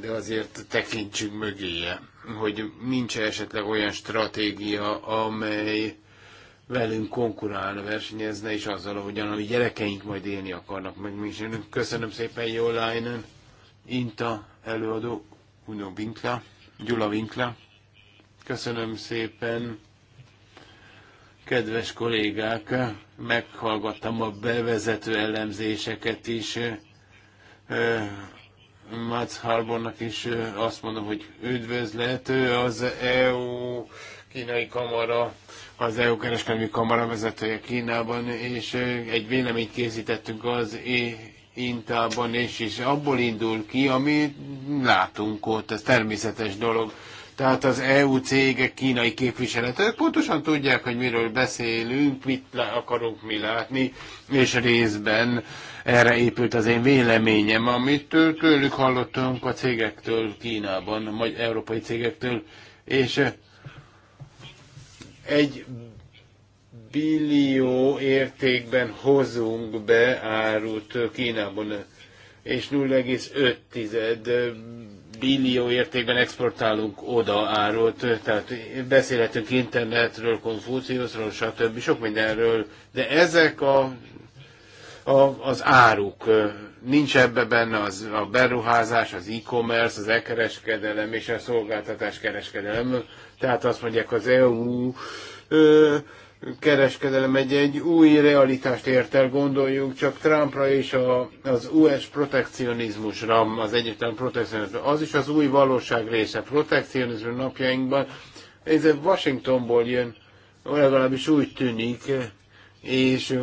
de azért tekintsünk mögéje hogy nincs -e esetleg olyan stratégia, amely velünk konkurálna, versenyezne, és azzal, ahogyan a gyerekeink majd élni akarnak meg mi is. Köszönöm szépen, Jó Lájnen, Inta előadó, Uno Vinkla, Gyula Vinkla. Köszönöm szépen, kedves kollégák, meghallgattam a bevezető elemzéseket is Mats Halbornak is azt mondom, hogy üdvözlet, az EU kínai kamara, az EU kereskedelmi kamara vezetője Kínában, és egy véleményt készítettünk az Intában, és, és abból indul ki, amit látunk ott, ez természetes dolog. Tehát az EU cégek kínai képviselet, ők pontosan tudják, hogy miről beszélünk, mit akarunk mi látni, és részben erre épült az én véleményem, amit tőlük hallottunk a cégektől Kínában, magyar európai cégektől, és egy billió értékben hozunk be árut Kínában, és 0,5 billió értékben exportálunk oda árut, tehát beszélhetünk internetről, konfúciuszról, stb. sok mindenről, de ezek a, a, az áruk, nincs ebbe benne az, a beruházás, az e-commerce, az e-kereskedelem és a szolgáltatás kereskedelem. Tehát azt mondják, az EU ö, kereskedelem egy, egy új realitást ért el, gondoljunk csak Trumpra és a, az US protekcionizmusra, az egyetlen protekcionizmusra. Az is az új valóság része, protekcionizmus napjainkban. Ez Washingtonból jön, legalábbis úgy tűnik, és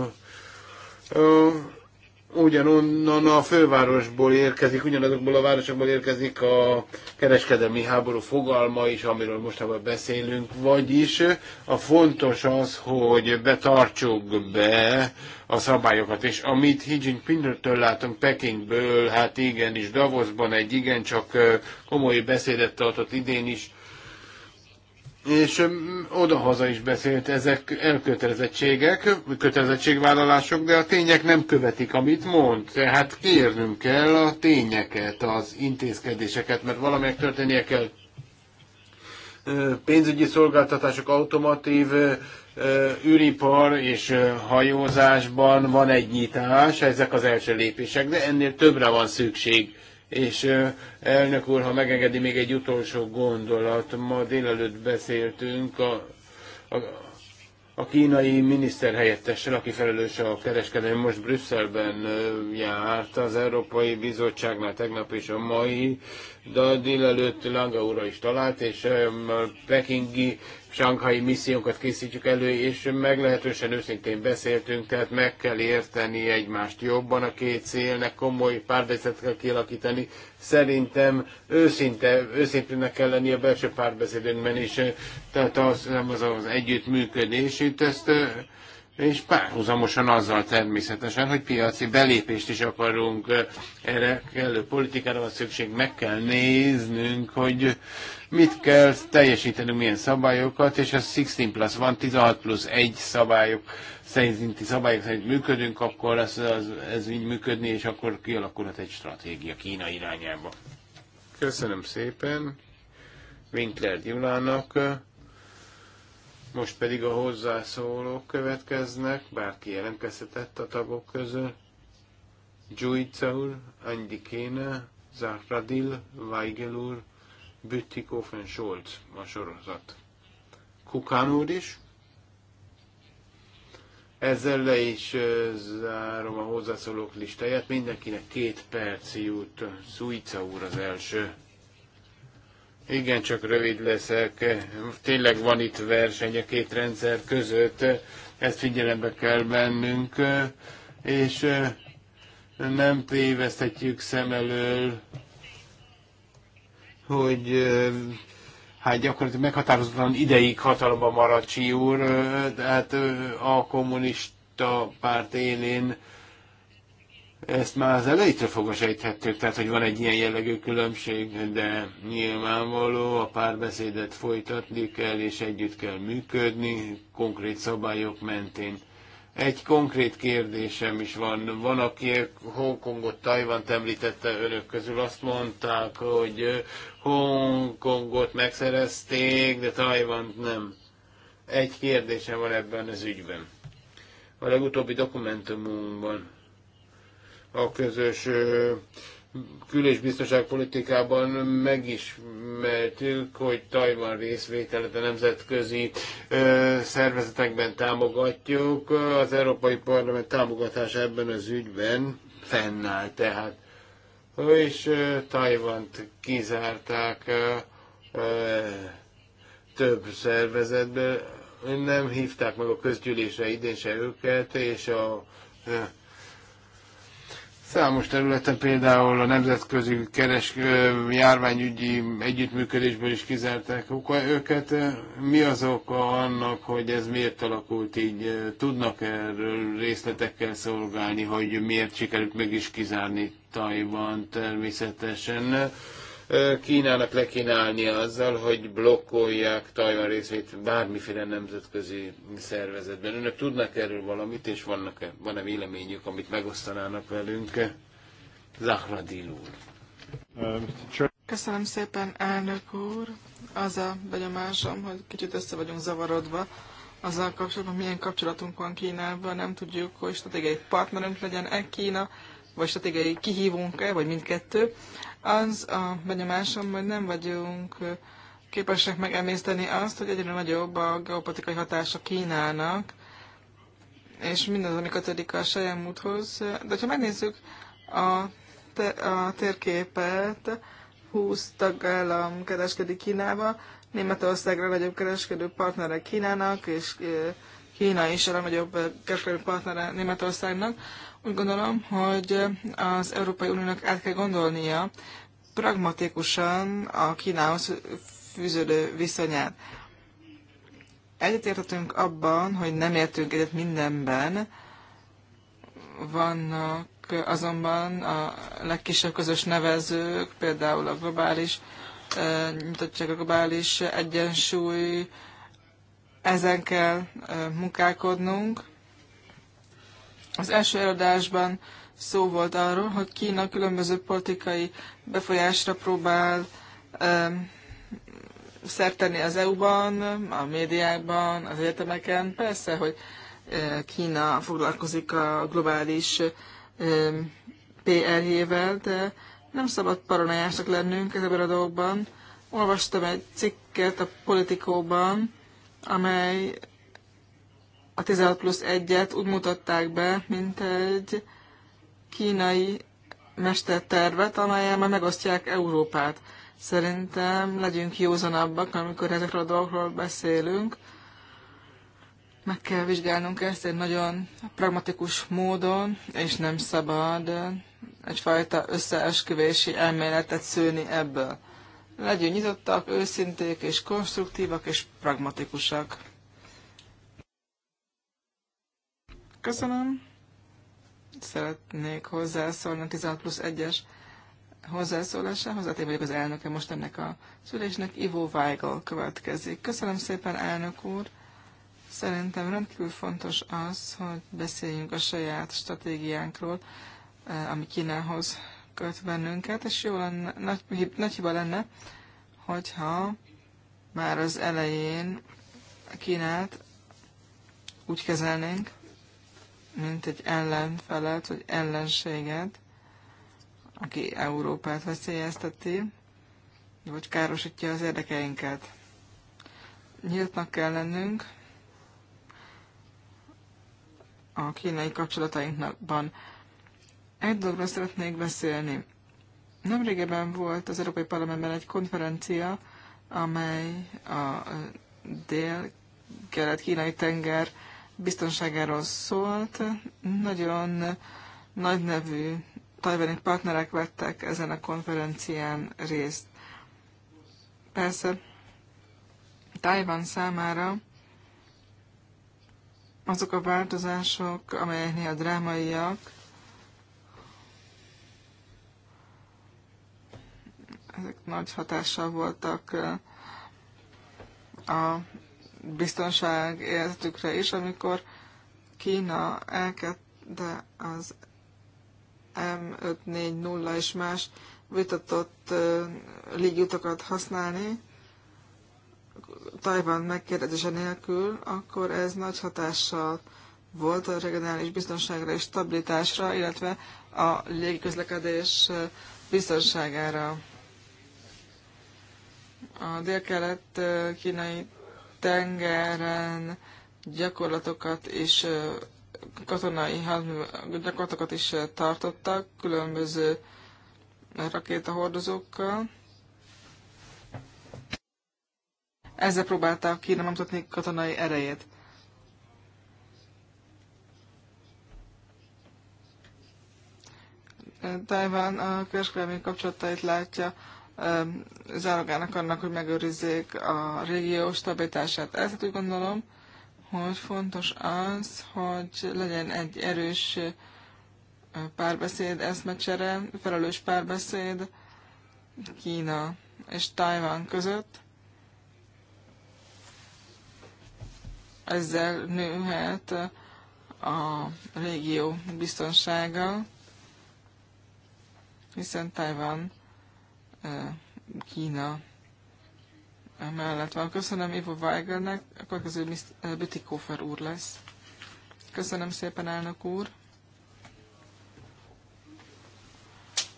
ugyanonnan a fővárosból érkezik, ugyanazokból a városokból érkezik a kereskedelmi háború fogalma is, amiről mostában beszélünk, vagyis a fontos az, hogy betartsuk be a szabályokat, és amit Xi Jinpingtől látunk Pekingből, hát igenis Davosban egy igencsak komoly beszédet tartott idén is, és oda-haza is beszélt, ezek elkötelezettségek, kötelezettségvállalások, de a tények nem követik, amit mond. Tehát kérnünk kell a tényeket, az intézkedéseket, mert valamelyek történnie kell. Pénzügyi szolgáltatások, automatív űripar és hajózásban van egy nyitás, ezek az első lépések, de ennél többre van szükség és elnök úr, ha megengedi még egy utolsó gondolat, ma délelőtt beszéltünk a, a, a kínai miniszterhelyettessel, aki felelős a kereskedelmi, most Brüsszelben járt az Európai Bizottságnál tegnap és a mai, de délelőtt Langa úrra is talált, és a pekingi sankai missziókat készítjük elő, és meglehetősen őszintén beszéltünk, tehát meg kell érteni egymást jobban a két célnek, komoly párbeszédet kell kialakítani. Szerintem őszinte, őszintének kell lenni a belső párbeszédünkben is, tehát az, nem az, az együttműködés. Itt ezt és párhuzamosan azzal természetesen, hogy piaci belépést is akarunk, erre kellő politikára van szükség, meg kell néznünk, hogy mit kell teljesítenünk, milyen szabályokat, és ez 16 plusz van, 16 plusz 1 szabályok, szerinti szabályok szerint működünk, akkor ez, az, ez így működni, és akkor kialakulhat egy stratégia Kína irányába. Köszönöm szépen Winkler Gyulának. Most pedig a hozzászólók következnek, bárki jelentkezhetett a tagok közül. Gyujica úr, Andi Kéne, Zahradil, Weigel úr, Büttikofen Scholz a sorozat. Kukán úr is. Ezzel le is zárom a hozzászólók listáját. Mindenkinek két perc jut. Szújca úr az első. Igen, csak rövid leszek. Tényleg van itt verseny a két rendszer között, ezt figyelembe kell vennünk, és nem téveszthetjük szem elől, hogy hát gyakorlatilag meghatározottan ideig hatalomban maradt Csi úr, tehát a kommunista párt élén ezt már az elejétől fogva sejthettük, tehát hogy van egy ilyen jellegű különbség, de nyilvánvaló a párbeszédet folytatni kell, és együtt kell működni konkrét szabályok mentén. Egy konkrét kérdésem is van. Van, aki Hongkongot, Tajvant említette önök közül, azt mondták, hogy Hongkongot megszerezték, de Tajvant nem. Egy kérdésem van ebben az ügyben. A legutóbbi dokumentumunkban a közös kül- és biztonságpolitikában megismertük, hogy Tajvan részvételet a nemzetközi ö, szervezetekben támogatjuk. Az Európai Parlament támogatása ebben az ügyben fennáll tehát. És ö, Tajvant kizárták ö, ö, több szervezetből, nem hívták meg a közgyűlésre idén se őket, és a ö, Számos területen például a nemzetközi keres járványügyi együttműködésből is kizárták őket. Mi az oka annak, hogy ez miért alakult így? Tudnak erről részletekkel szolgálni, hogy miért sikerült is kizárni Tajban természetesen? Kínának le kéne állni azzal, hogy blokkolják Tajvan részét bármiféle nemzetközi szervezetben. Önök tudnak erről valamit, és vannak-e, van-e véleményük, amit megosztanának velünk? Zahradil úr. Köszönöm szépen, elnök úr. Az a benyomásom, hogy kicsit össze vagyunk zavarodva azzal kapcsolatban, milyen kapcsolatunk van Kínában, nem tudjuk, hogy stratégiai partnerünk legyen-e Kína, vagy stratégiai kihívunk-e, vagy mindkettő, az a benyomásom, hogy nem vagyunk képesek megemészteni azt, hogy egyre nagyobb a geopolitikai hatása Kínának, és mindaz, ami kötődik a saját múlthoz. De ha megnézzük a, te, a térképet, 20 tagállam kereskedik Kínába, Németországra nagyobb kereskedő partnere Kínának, és Kína is a legnagyobb kereskedő partnere Németországnak. Úgy gondolom, hogy az Európai Uniónak át kell gondolnia pragmatikusan a Kínához fűződő viszonyát. Egyetértetünk abban, hogy nem értünk egyet mindenben, vannak azonban a legkisebb közös nevezők, például a globális nyitottság, a globális egyensúly, ezen kell munkálkodnunk, az első előadásban szó volt arról, hogy Kína különböző politikai befolyásra próbál um, az EU-ban, a médiákban, az egyetemeken. Persze, hogy e, Kína foglalkozik a globális PR-jével, de nem szabad paranoiásnak lennünk ezekben a dolgokban. Olvastam egy cikket a Politikóban, amely a 16 plusz 1-et úgy mutatták be, mint egy kínai mestertervet, amelyel már megosztják Európát. Szerintem legyünk józanabbak, amikor ezekről a dolgokról beszélünk. Meg kell vizsgálnunk ezt egy nagyon pragmatikus módon, és nem szabad egyfajta összeesküvési elméletet szőni ebből. Legyünk nyitottak, őszinték és konstruktívak és pragmatikusak. Köszönöm. Szeretnék hozzászólni a 16 plusz 1-es hozzászólásához. Hát én vagyok az elnöke most ennek a szülésnek. Ivo Weigel következik. Köszönöm szépen, elnök úr. Szerintem rendkívül fontos az, hogy beszéljünk a saját stratégiánkról, eh, ami Kínához köt bennünket, és jó lenne, nagy, nagy hiba lenne, hogyha már az elején Kínát úgy kezelnénk, mint egy ellenfelet, vagy ellenséget, aki Európát veszélyezteti, vagy károsítja az érdekeinket. Nyíltnak kell lennünk a kínai kapcsolatainkban. Egy dologról szeretnék beszélni. Nemrégeben volt az Európai Parlamentben egy konferencia, amely a dél-kelet-kínai tenger biztonságáról szólt. Nagyon nagynevű tajvani partnerek vettek ezen a konferencián részt. Persze Tajvan számára azok a változások, amelyek néha drámaiak, ezek nagy hatással voltak a biztonság életükre is, amikor Kína elkezdte az M540 és más vitatott légjutakat használni, Tajvan megkérdezése nélkül, akkor ez nagy hatással volt a regionális biztonságra és stabilitásra, illetve a légiközlekedés biztonságára. A dél-kelet kínai tengeren gyakorlatokat és katonai gyakorlatokat is tartottak különböző rakétahordozókkal. Ezzel próbálták nem mutatni katonai erejét. Tajván a kereskedelmi kapcsolatait látja zálogának annak, hogy megőrizzék a régió stabilitását. Ezt úgy gondolom, hogy fontos az, hogy legyen egy erős párbeszéd, eszmecsere, felelős párbeszéd Kína és Tajván között. Ezzel nőhet a régió biztonsága, hiszen Tajván Kína mellett van. Köszönöm Ivo Weigelnek, a következő Bütikófer úr lesz. Köszönöm szépen, elnök úr.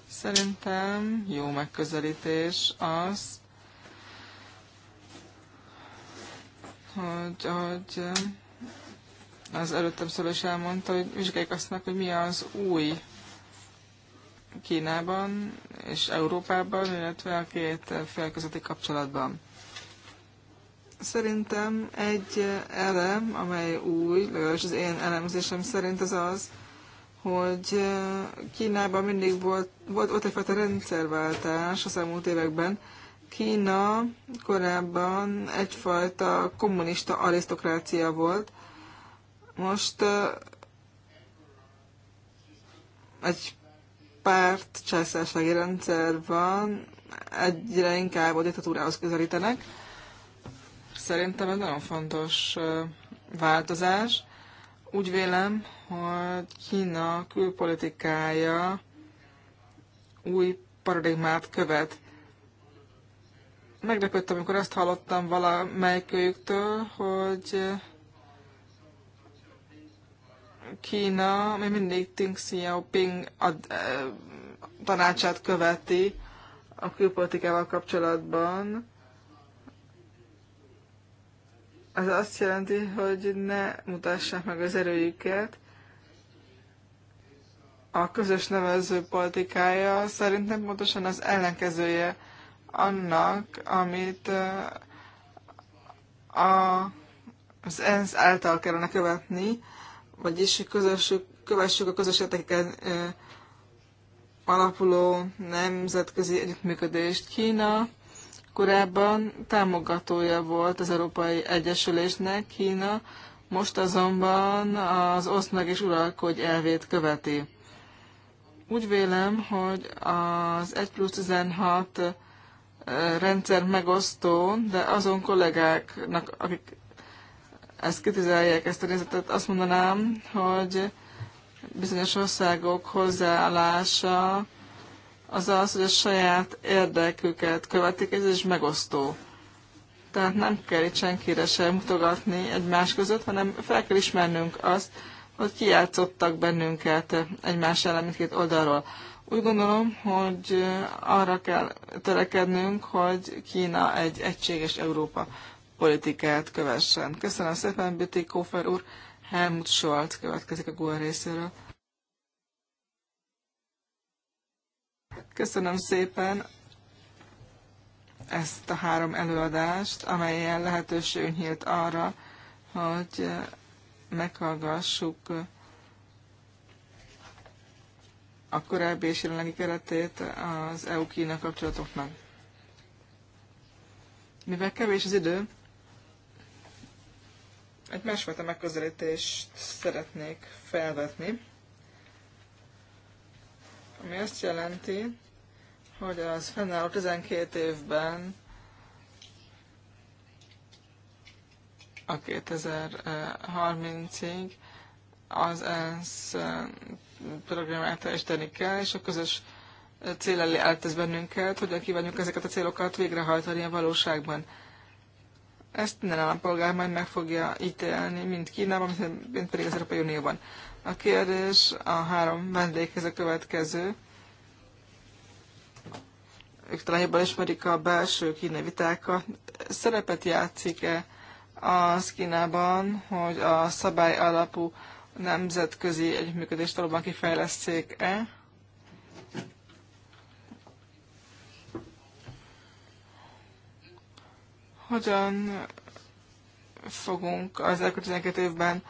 Szerintem jó megközelítés az, hogy, hogy az előttem szóló is elmondta, hogy vizsgáljuk azt meg, hogy mi az új Kínában és Európában, illetve a két fél közötti kapcsolatban. Szerintem egy elem, amely új, legalábbis az én elemzésem szerint az az, hogy Kínában mindig volt, volt ott egyfajta rendszerváltás az elmúlt években. Kína korábban egyfajta kommunista arisztokrácia volt. Most egy párt császársági rendszer van, egyre inkább a diktatúrához közelítenek. Szerintem ez nagyon fontos változás. Úgy vélem, hogy Kína külpolitikája új paradigmát követ. Meglepődtem, amikor azt hallottam valamelyikőjüktől, hogy Kína még mindig Ting Xiaoping a eh, tanácsát követi a külpolitikával kapcsolatban. Ez azt jelenti, hogy ne mutassák meg az erőjüket. A közös nevező politikája szerintem pontosan az ellenkezője annak, amit eh, a, az ENSZ által kellene követni, vagyis közös, kövessük a közös értékeken alapuló nemzetközi együttműködést. Kína korábban támogatója volt az Európai Egyesülésnek, Kína most azonban az oszt meg és uralkodj elvét követi. Úgy vélem, hogy az 1 plusz 16 rendszer megosztó, de azon kollégáknak, akik ezt kritizálják, ezt a nézetet, azt mondanám, hogy bizonyos országok hozzáállása az az, hogy a saját érdeküket követik, ez is megosztó. Tehát nem kell itt senkire sem mutogatni egymás között, hanem fel kell ismernünk azt, hogy kijátszottak bennünket egymás ellen mindkét oldalról. Úgy gondolom, hogy arra kell törekednünk, hogy Kína egy egységes Európa politikát kövessen. Köszönöm szépen, Büti Kófer úr. Helmut Scholz következik a GUA részéről. Köszönöm szépen ezt a három előadást, amelyen lehetőség nyílt arra, hogy meghallgassuk a korábbi és jelenlegi keretét az EU-Kína kapcsolatoknak. Mivel kevés az idő, egy másfajta megközelítést szeretnék felvetni, ami azt jelenti, hogy az fennálló 12 évben a 2030-ig az ENSZ eh, programját teljesíteni kell, és a közös eh, cél elé bennünket, hogyan kívánjuk ezeket a célokat végrehajtani a valóságban. Ezt minden állampolgár majd meg fogja ítélni, mind Kínában, mint pedig az Európai Unióban. A kérdés a három vendéghez a következő. Ők talán jobban ismerik a belső kínai vitákat. Szerepet játszik-e az Kínában, hogy a szabály alapú nemzetközi együttműködést valóban kifejleszték-e? Hogyan fogunk az elkövetkező évben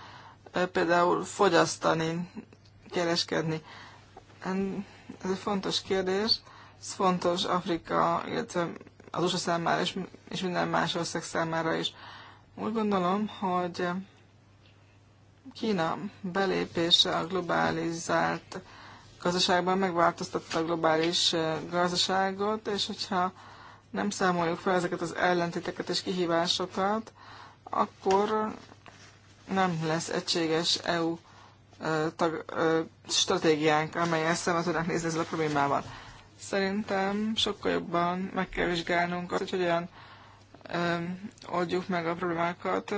például fogyasztani, kereskedni? Ez egy fontos kérdés. Ez fontos Afrika, illetve az USA számára és, és minden más ország számára is. Úgy gondolom, hogy Kína belépése a globalizált gazdaságban megváltoztatta a globális gazdaságot, és hogyha nem számoljuk fel ezeket az ellentéteket és kihívásokat, akkor nem lesz egységes EU tag, stratégiánk, amelyel szemben tudnak nézni ezzel a problémával. Szerintem sokkal jobban meg kell vizsgálnunk azt, hogy hogyan oldjuk meg a problémákat,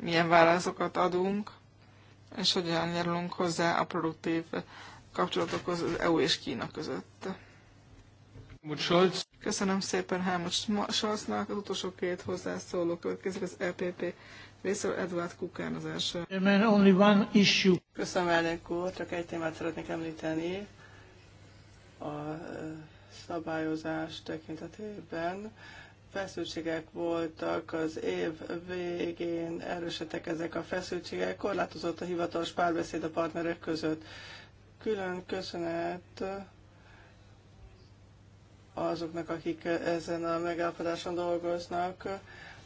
milyen válaszokat adunk, és hogyan járulunk hozzá a produktív kapcsolatokhoz az EU és Kína között. Köszönöm szépen Helmut Scholznak. Az utolsó két hozzászóló következik az EPP részéről Edward Kukán az első. Only one issue. Köszönöm elnök úr, csak egy témát szeretnék említeni. A szabályozás tekintetében feszültségek voltak az év végén, erősödtek ezek a feszültségek, korlátozott a hivatalos párbeszéd a partnerek között. Külön köszönet azoknak, akik ezen a megállapodáson dolgoznak.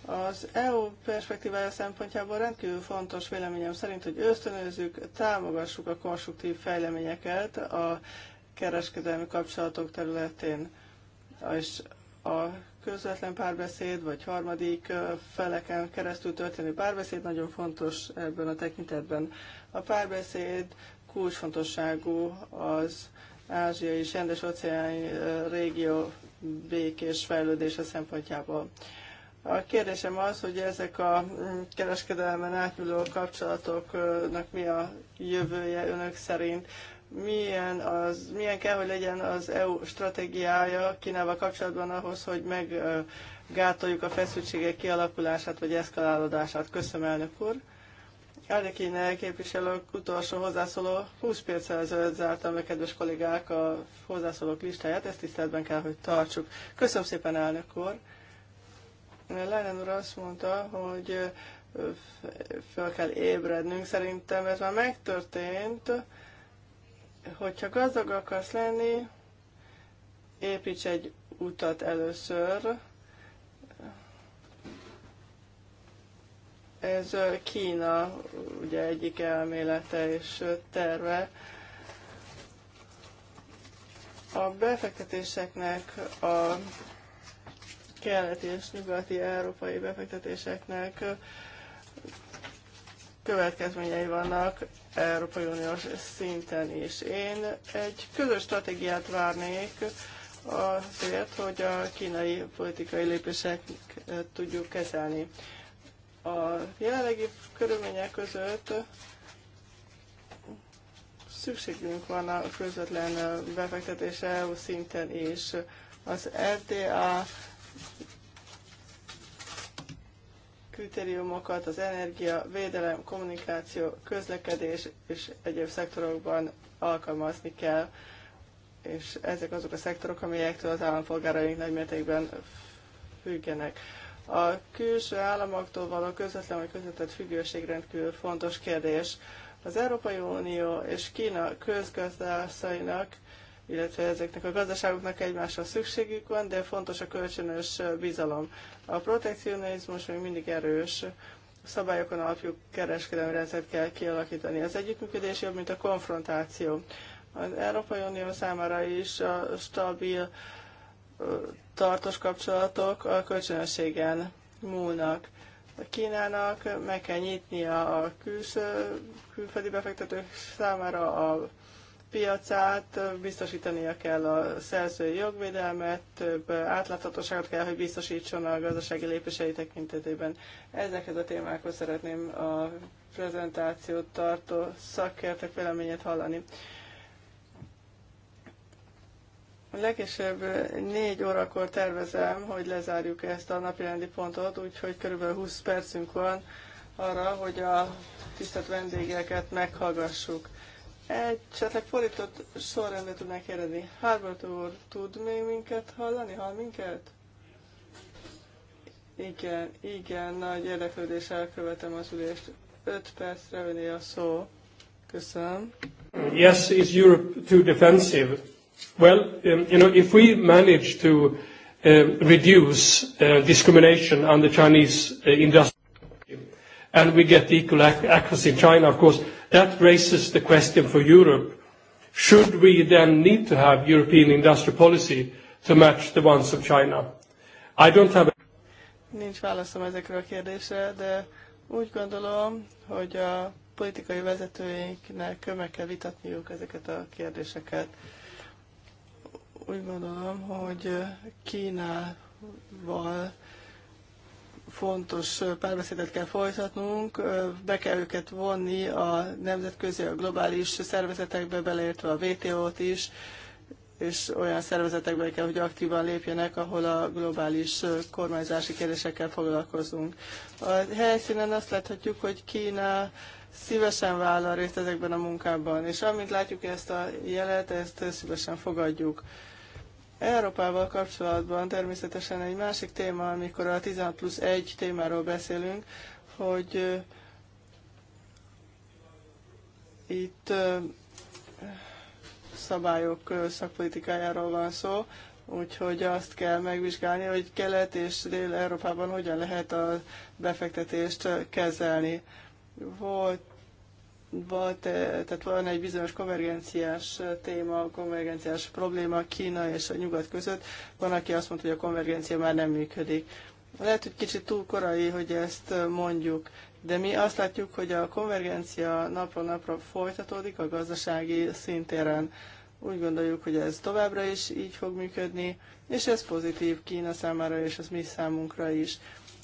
Az EU perspektívája szempontjából rendkívül fontos véleményem szerint, hogy ösztönözzük, támogassuk a konstruktív fejleményeket a kereskedelmi kapcsolatok területén. És a közvetlen párbeszéd, vagy harmadik feleken keresztül történő párbeszéd nagyon fontos ebben a tekintetben. A párbeszéd kulcsfontosságú az Ázsia és rendes óceáni régió békés fejlődése szempontjából. A kérdésem az, hogy ezek a mm, kereskedelmen átnyúló kapcsolatoknak mi a jövője önök szerint, milyen, az, milyen kell, hogy legyen az EU stratégiája Kínával kapcsolatban ahhoz, hogy meggátoljuk a feszültségek kialakulását vagy eszkalálódását. Köszönöm, elnök úr! Árnyékine képviselők utolsó hozzászóló 20 perccel ezelőtt zártam le, kedves kollégák, a hozzászólók listáját, ezt tiszteletben kell, hogy tartsuk. Köszönöm szépen, elnök úr! Lennon úr azt mondta, hogy föl kell ébrednünk. Szerintem ez már megtörtént, hogyha gazdag akarsz lenni, építs egy utat először, Ez Kína ugye egyik elmélete és terve. A befektetéseknek, a keleti és nyugati európai befektetéseknek következményei vannak Európai Uniós szinten is. Én egy közös stratégiát várnék azért, hogy a kínai politikai lépések tudjuk kezelni a jelenlegi körülmények között szükségünk van a közvetlen befektetés EU szinten is. Az RTA kritériumokat az energia, védelem, kommunikáció, közlekedés és egyéb szektorokban alkalmazni kell, és ezek azok a szektorok, amelyektől az állampolgáraink nagymértékben függenek. A külső államoktól való közvetlen vagy közvetett függőség rendkívül fontos kérdés. Az Európai Unió és Kína közgazdászainak illetve ezeknek a gazdaságoknak egymásra szükségük van, de fontos a kölcsönös bizalom. A protekcionizmus még mindig erős, szabályokon alapjú kereskedelmi rendszert kell kialakítani. Az együttműködés jobb, mint a konfrontáció. Az Európai Unió számára is a stabil tartós kapcsolatok a kölcsönösségen múlnak. A Kínának meg kell nyitnia a külső, külföldi befektetők számára a piacát, biztosítania kell a szerzői jogvédelmet, több átláthatóságot kell, hogy biztosítson a gazdasági lépései tekintetében. Ezekhez a témákhoz szeretném a prezentációt tartó szakértők véleményét hallani. Legkésőbb négy órakor tervezem, hogy lezárjuk ezt a napirendi pontot, úgyhogy körülbelül 20 percünk van arra, hogy a tisztelt vendégeket meghallgassuk. Egy esetleg fordított sorrendet tudnánk kérdezni. Harbert úr, tud még minket hallani? Hall minket? Igen, igen, nagy érdeklődéssel követem az ülést. Öt percre venné a szó. Köszönöm. Yes, is Europe too defensive? Well, um, you know, if we manage to uh, reduce uh, discrimination on the Chinese uh, industry and we get equal access in China, of course, that raises the question for Europe. Should we then need to have European industrial policy to match the ones of China? I don't have a Nincs válaszom ezekre a kérdésre, de úgy gondolom, hogy a politikai vezetőinknek meg kell vitatniuk ezeket a kérdéseket úgy gondolom, hogy Kínával fontos párbeszédet kell folytatnunk, be kell őket vonni a nemzetközi, a globális szervezetekbe, beleértve a WTO-t is, és olyan szervezetekbe kell, hogy aktívan lépjenek, ahol a globális kormányzási kérdésekkel foglalkozunk. A helyszínen azt láthatjuk, hogy Kína szívesen vállal részt ezekben a munkában, és amint látjuk ezt a jelet, ezt szívesen fogadjuk. Európával kapcsolatban természetesen egy másik téma, amikor a 16 plusz 1 témáról beszélünk, hogy itt szabályok szakpolitikájáról van szó, úgyhogy azt kell megvizsgálni, hogy Kelet és Dél-Európában hogyan lehet a befektetést kezelni. Volt volt, tehát van egy bizonyos konvergenciás téma, konvergenciás probléma Kína és a nyugat között. Van, aki azt mondta, hogy a konvergencia már nem működik. Lehet, hogy kicsit túl korai, hogy ezt mondjuk, de mi azt látjuk, hogy a konvergencia napról napra folytatódik a gazdasági szintéren. Úgy gondoljuk, hogy ez továbbra is így fog működni, és ez pozitív Kína számára és az mi számunkra is.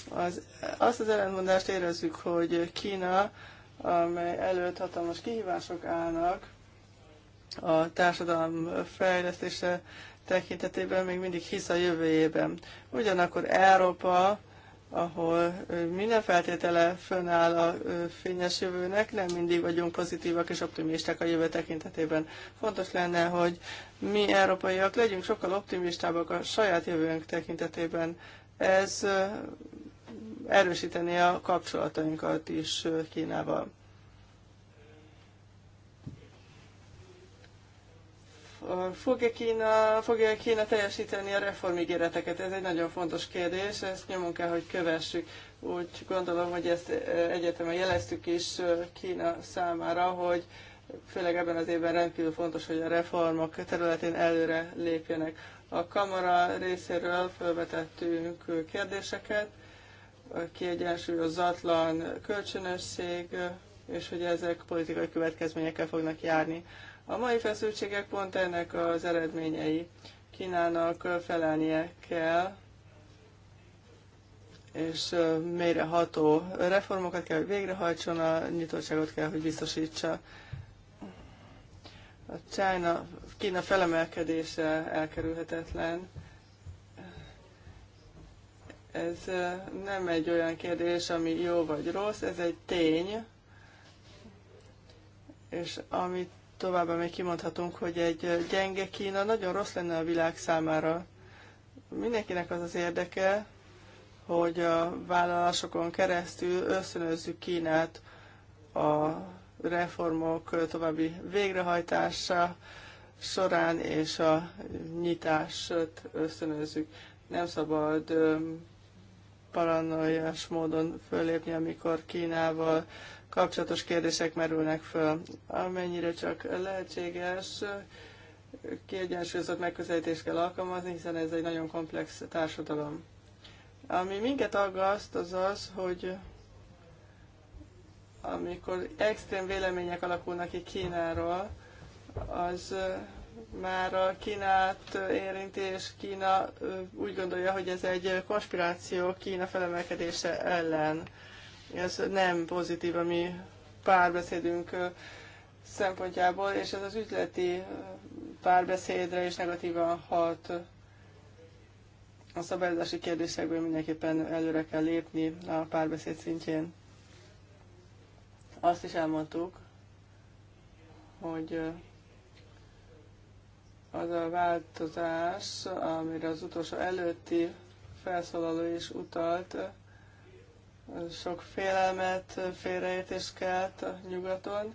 Az, azt az ellentmondást érezzük, hogy Kína amely előtt hatalmas kihívások állnak a társadalom fejlesztése tekintetében még mindig hisz a jövőjében. Ugyanakkor Európa, ahol minden feltétele fönnáll a fényes jövőnek, nem mindig vagyunk pozitívak és optimisták a jövő tekintetében. Fontos lenne, hogy mi európaiak legyünk sokkal optimistábbak a saját jövőnk tekintetében. Ez erősíteni a kapcsolatainkat is Kínával. Fogja Kína, fogja Kína teljesíteni a reformígéreteket? Ez egy nagyon fontos kérdés, ezt nyomon kell, hogy kövessük. Úgy gondolom, hogy ezt egyetemen jeleztük is Kína számára, hogy főleg ebben az évben rendkívül fontos, hogy a reformok területén előre lépjenek. A kamara részéről felvetettünk kérdéseket, kiegyensúlyozatlan kölcsönösség, és hogy ezek politikai következményekkel fognak járni. A mai feszültségek pont ennek az eredményei. Kínának felelnie kell, és mélyreható reformokat kell, hogy végrehajtson, a nyitottságot kell, hogy biztosítsa. A China, Kína felemelkedése elkerülhetetlen ez nem egy olyan kérdés, ami jó vagy rossz, ez egy tény, és amit továbbá még kimondhatunk, hogy egy gyenge Kína nagyon rossz lenne a világ számára. Mindenkinek az az érdeke, hogy a vállalásokon keresztül összönözzük Kínát a reformok további végrehajtása során, és a nyitást összönözzük. Nem szabad paranoiás módon fölépni, amikor Kínával kapcsolatos kérdések merülnek föl. Amennyire csak lehetséges, kiegyensúlyozott megközelítést kell alkalmazni, hiszen ez egy nagyon komplex társadalom. Ami minket aggaszt, az az, hogy amikor extrém vélemények alakulnak ki Kínáról, az már a Kínát érinti, és Kína úgy gondolja, hogy ez egy konspiráció Kína felemelkedése ellen. Ez nem pozitív a mi párbeszédünk szempontjából, és ez az üzleti párbeszédre is negatívan hat. A szabályozási kérdésekből mindenképpen előre kell lépni a párbeszéd szintjén. Azt is elmondtuk, hogy az a változás, amire az utolsó előtti felszólaló is utalt, sok félelmet, félreértést kelt a nyugaton.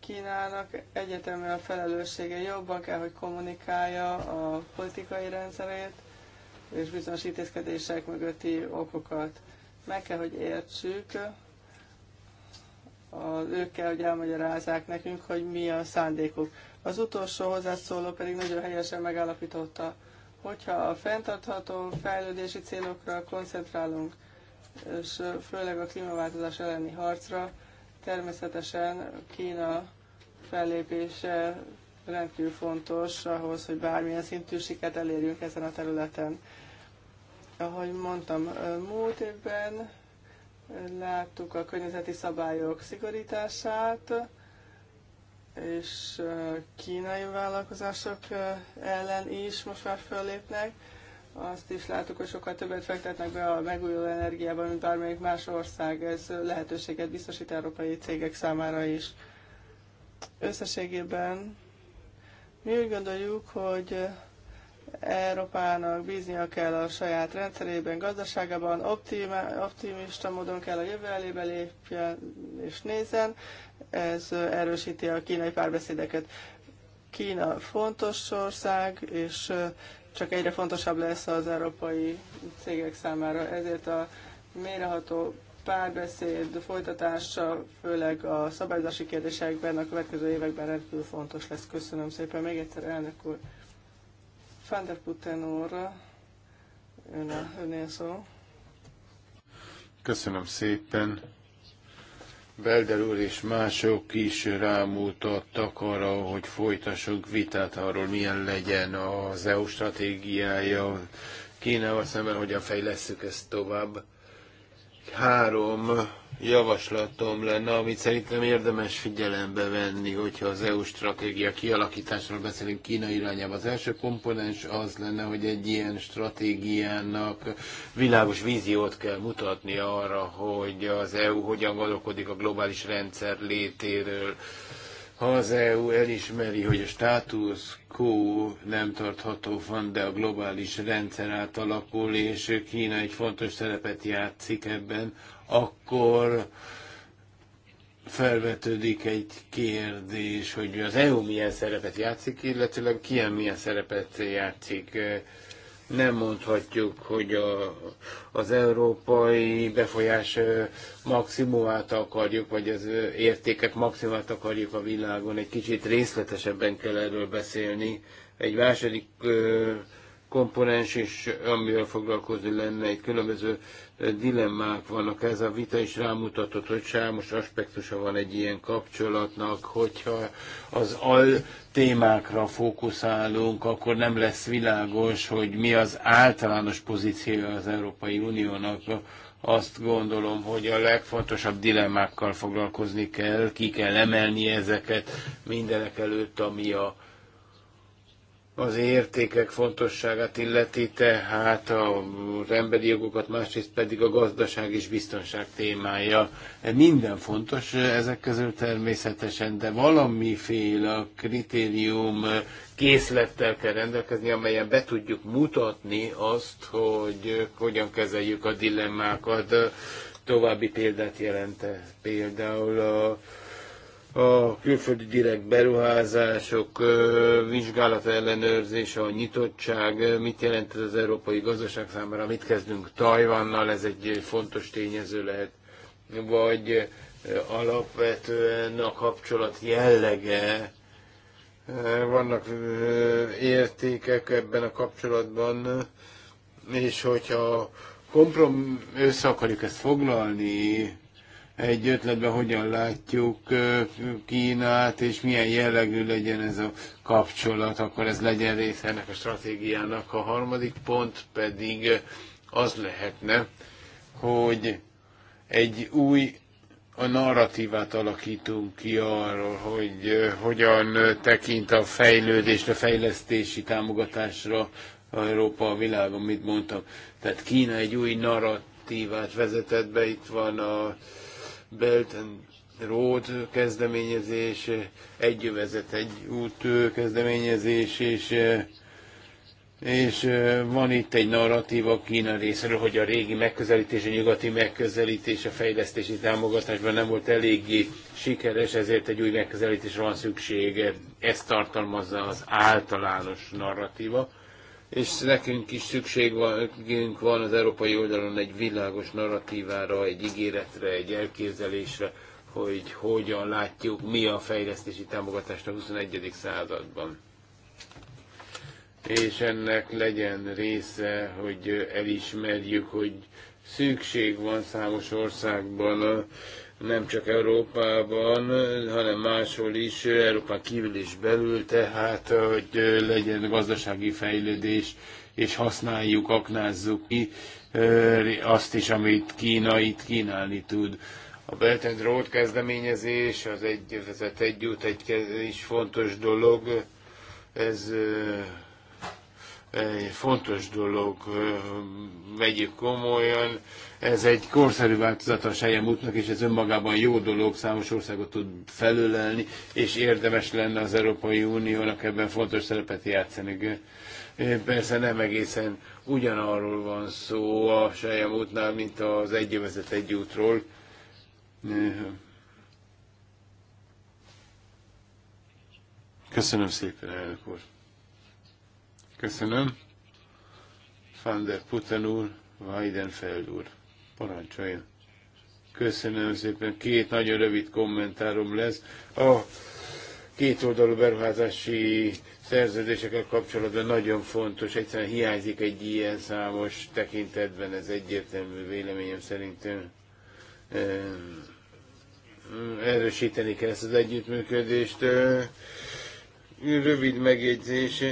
Kínának egyetemre a felelőssége jobban kell, hogy kommunikálja a politikai rendszerét és bizonyos intézkedések mögötti okokat. Meg kell, hogy értsük, az ők kell, hogy elmagyarázzák nekünk, hogy mi a szándékuk. Az utolsó hozzászóló pedig nagyon helyesen megállapította, hogyha a fenntartható fejlődési célokra koncentrálunk, és főleg a klímaváltozás elleni harcra, természetesen Kína fellépése rendkívül fontos ahhoz, hogy bármilyen szintű sikert elérjünk ezen a területen. Ahogy mondtam, múlt évben láttuk a környezeti szabályok szigorítását, és kínai vállalkozások ellen is most már föllépnek. Azt is látjuk, hogy sokkal többet fektetnek be a megújuló energiában, mint bármelyik más ország. Ez lehetőséget biztosít európai cégek számára is. Összességében mi úgy gondoljuk, hogy Európának bíznia kell a saját rendszerében, gazdaságában, optimista módon kell a jövő elébe lépjen és nézzen, ez erősíti a kínai párbeszédeket. Kína fontos ország, és csak egyre fontosabb lesz az európai cégek számára. Ezért a méreható párbeszéd folytatása, főleg a szabályozási kérdésekben a következő években rendkívül fontos lesz. Köszönöm szépen. Még egyszer elnök úr. Van der Putten úr, ön a, önnél szó. Köszönöm szépen. Belder úr és mások is rámutattak arra, hogy folytassunk vitát arról, milyen legyen az EU stratégiája Kínával szemben, hogyan fejlesszük ezt tovább. Három javaslatom lenne, amit szerintem érdemes figyelembe venni, hogyha az EU stratégia kialakításról beszélünk Kína irányába. Az első komponens az lenne, hogy egy ilyen stratégiának világos víziót kell mutatni arra, hogy az EU hogyan gondolkodik a globális rendszer létéről. Ha az EU elismeri, hogy a státusz quo nem tartható van, de a globális rendszer átalakul, és Kína egy fontos szerepet játszik ebben, akkor felvetődik egy kérdés, hogy az EU milyen szerepet játszik, illetőleg ki milyen szerepet játszik. Nem mondhatjuk, hogy a, az európai befolyás maximumát akarjuk, vagy az értékek maximumát akarjuk a világon. Egy kicsit részletesebben kell erről beszélni. Egy második komponens is, amivel foglalkozni lenne, egy különböző dilemmák vannak. Ez a vita is rámutatott, hogy számos aspektusa van egy ilyen kapcsolatnak, hogyha az al témákra fókuszálunk, akkor nem lesz világos, hogy mi az általános pozíciója az Európai Uniónak. Azt gondolom, hogy a legfontosabb dilemmákkal foglalkozni kell, ki kell emelni ezeket mindenek előtt, ami a az értékek fontosságát illeti, tehát az emberi jogokat, másrészt pedig a gazdaság és biztonság témája. Minden fontos ezek közül természetesen, de valamiféle kritérium készlettel kell rendelkezni, amelyen be tudjuk mutatni azt, hogy hogyan kezeljük a dilemmákat. További példát jelent például a a külföldi direkt beruházások vizsgálata ellenőrzése, a nyitottság, mit jelent ez az európai gazdaság számára, mit kezdünk Tajvannal, ez egy fontos tényező lehet, vagy alapvetően a kapcsolat jellege, vannak értékek ebben a kapcsolatban, és hogyha kompromisszum össze akarjuk ezt foglalni, egy ötletben hogyan látjuk Kínát, és milyen jellegű legyen ez a kapcsolat, akkor ez legyen része ennek a stratégiának. A harmadik pont pedig az lehetne, hogy egy új a narratívát alakítunk ki arról, hogy hogyan tekint a fejlődésre, fejlesztési támogatásra Európa a világon, mit mondtam. Tehát Kína egy új narratívát vezetett be, itt van a Belt and Road kezdeményezés, egy övezet, egy út kezdeményezés, és, és van itt egy narratíva Kína részéről, hogy a régi megközelítés, a nyugati megközelítés a fejlesztési támogatásban nem volt eléggé sikeres, ezért egy új megközelítésre van szüksége. Ezt tartalmazza az általános narratíva és nekünk is szükség van, van az európai oldalon egy világos narratívára, egy ígéretre, egy elképzelésre, hogy hogyan látjuk, mi a fejlesztési támogatást a XXI. században. És ennek legyen része, hogy elismerjük, hogy szükség van számos országban nem csak Európában, hanem máshol is, Európa kívül is belül, tehát, hogy legyen gazdasági fejlődés, és használjuk, aknázzuk ki azt is, amit Kína itt kínálni tud. A Belt and Road kezdeményezés az egy az egy út, egy is fontos dolog. Ez fontos dolog, vegyük komolyan. Ez egy korszerű változat a Sejem útnak, és ez önmagában jó dolog, számos országot tud felölelni, és érdemes lenne az Európai Uniónak ebben fontos szerepet játszani. Persze nem egészen ugyanarról van szó a Sejem útnál, mint az egyövezet egy útról. Köszönöm szépen, elnök úr! Köszönöm. Van der Putten úr, Weidenfeld úr. Parancsoljon. Köszönöm szépen. Két nagyon rövid kommentárom lesz. A két oldalú beruházási szerződésekkel kapcsolatban nagyon fontos, egyszerűen hiányzik egy ilyen számos tekintetben, ez egyértelmű véleményem szerint erősíteni kell ezt az együttműködést. Rövid megjegyzés,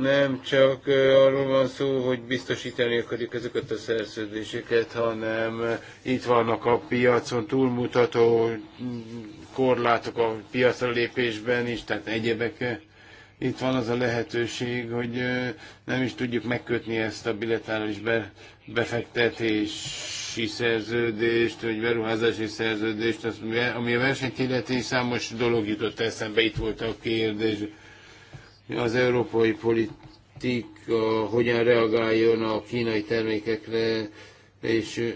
nem csak arról van szó, hogy biztosítani akarjuk ezeket a szerződéseket, hanem itt vannak a piacon túlmutató korlátok a piacra lépésben is, tehát egyebek. Itt van az a lehetőség, hogy nem is tudjuk megkötni ezt a bilaterális befektetési szerződést, vagy beruházási szerződést, ami a versenyt illeti számos dolog jutott eszembe, itt volt a kérdés az európai politika hogyan reagáljon a kínai termékekre, és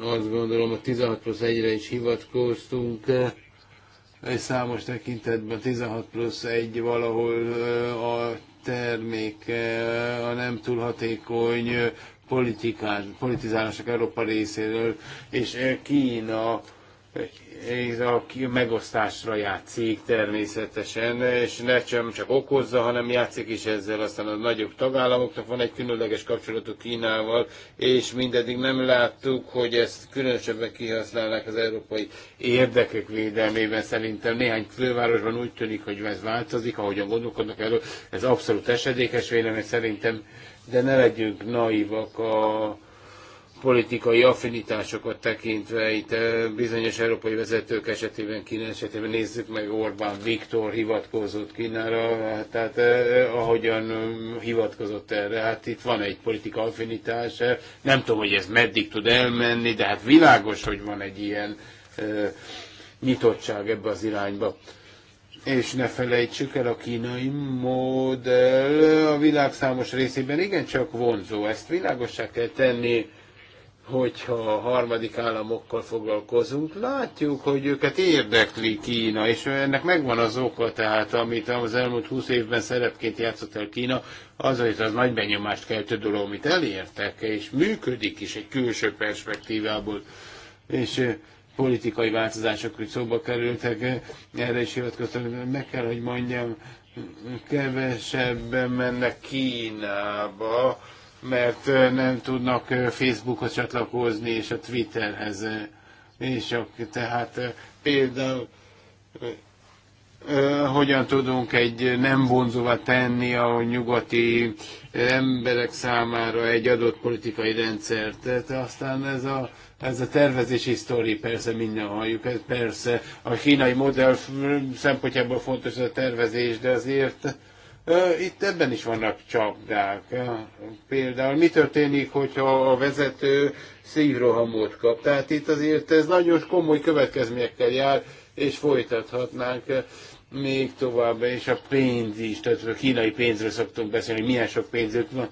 azt gondolom a 16 plusz 1-re is hivatkoztunk, egy számos tekintetben 16 plusz 1 valahol a termék a nem túl hatékony politizálások Európa részéről, és Kína ez a megosztásra játszik természetesen, és ne csak okozza, hanem játszik is ezzel. Aztán a nagyobb tagállamoknak van egy különleges kapcsolatuk Kínával, és mindeddig nem láttuk, hogy ezt különösebben kihasználnák az európai érdekek védelmében. Szerintem néhány fővárosban úgy tűnik, hogy ez változik, ahogyan gondolkodnak erről. Ez abszolút esedékes vélemény szerintem, de ne legyünk naivak a politikai affinitásokat tekintve, itt eh, bizonyos európai vezetők esetében, Kína esetében nézzük meg Orbán Viktor hivatkozott Kínára, tehát eh, ahogyan eh, hivatkozott erre, hát itt van egy politika affinitás, nem tudom, hogy ez meddig tud elmenni, de hát világos, hogy van egy ilyen nyitottság ebbe az irányba. És ne felejtsük el, a kínai modell a világ számos részében igencsak vonzó. Ezt világosá kell tenni, hogyha a harmadik államokkal foglalkozunk, látjuk, hogy őket érdekli Kína, és ennek megvan az oka, tehát amit az elmúlt 20 évben szerepként játszott el Kína, hogy az nagy benyomást keltő dolog, amit elértek, és működik is egy külső perspektívából, és politikai változások, hogy szóba kerültek, erre is hivatkoztam, meg kell, hogy mondjam, kevesebben mennek Kínába, mert nem tudnak Facebookot csatlakozni, és a Twitterhez. És a, tehát például hogyan tudunk egy nem vonzóvá tenni a nyugati emberek számára egy adott politikai rendszert. Tehát aztán ez a, ez a tervezési sztori, persze minden halljuk, ez persze a kínai modell szempontjából fontos ez a tervezés, de azért itt ebben is vannak csapdák. Például mi történik, hogyha a vezető szívrohamot kap? Tehát itt azért ez nagyon komoly következményekkel jár, és folytathatnánk még tovább, és a pénz is, tehát a kínai pénzről szoktunk beszélni, hogy milyen sok pénzük van.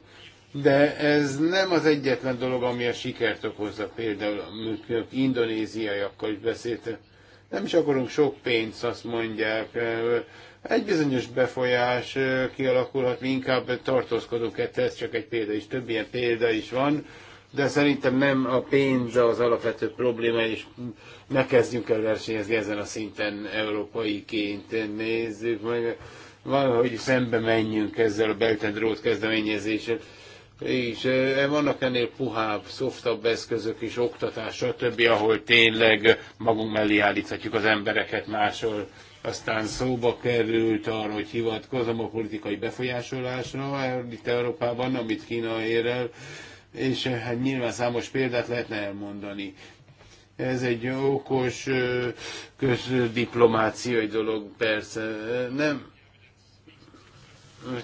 De ez nem az egyetlen dolog, ami a sikert okozza. Például amikor indonéziaiakkal is beszéltem. Nem is akarunk sok pénzt, azt mondják, egy bizonyos befolyás kialakulhat, mi inkább tartózkodunk ettől, ez csak egy példa, is, több ilyen példa is van, de szerintem nem a pénz az alapvető probléma, és ne kezdjünk el versenyezni ezen a szinten európaiként, nézzük meg, valahogy szembe menjünk ezzel a Belt and Road kezdeményezéssel, és vannak ennél puhább, szoftabb eszközök is, oktatás, stb., ahol tényleg magunk mellé állíthatjuk az embereket máshol aztán szóba került arra, hogy hivatkozom a politikai befolyásolásra itt Európában, amit Kína ér el, és eh, hát nyilván számos példát lehetne elmondani. Ez egy okos eh, közdiplomáciai dolog, persze. Nem,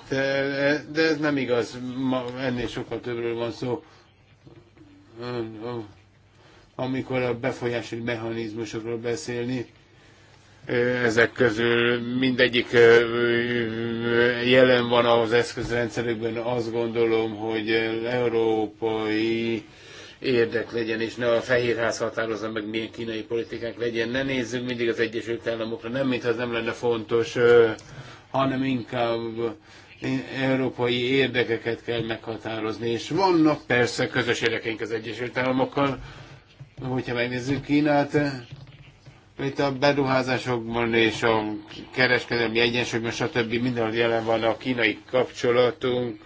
de, de ez nem igaz, Ma ennél sokkal többről van szó. Amikor a befolyási mechanizmusokról beszélni, ezek közül mindegyik jelen van az eszközrendszerükben, azt gondolom, hogy európai érdek legyen, és ne a Fehérház határozza meg, milyen kínai politikánk legyen. Ne nézzük mindig az Egyesült Államokra, nem mintha ez nem lenne fontos, hanem inkább európai érdekeket kell meghatározni, és vannak persze közös érdekeink az Egyesült Államokkal, hogyha megnézzük Kínát, itt a beruházásokban és a kereskedelmi egyensúlyban, stb. minden jelen van a kínai kapcsolatunk.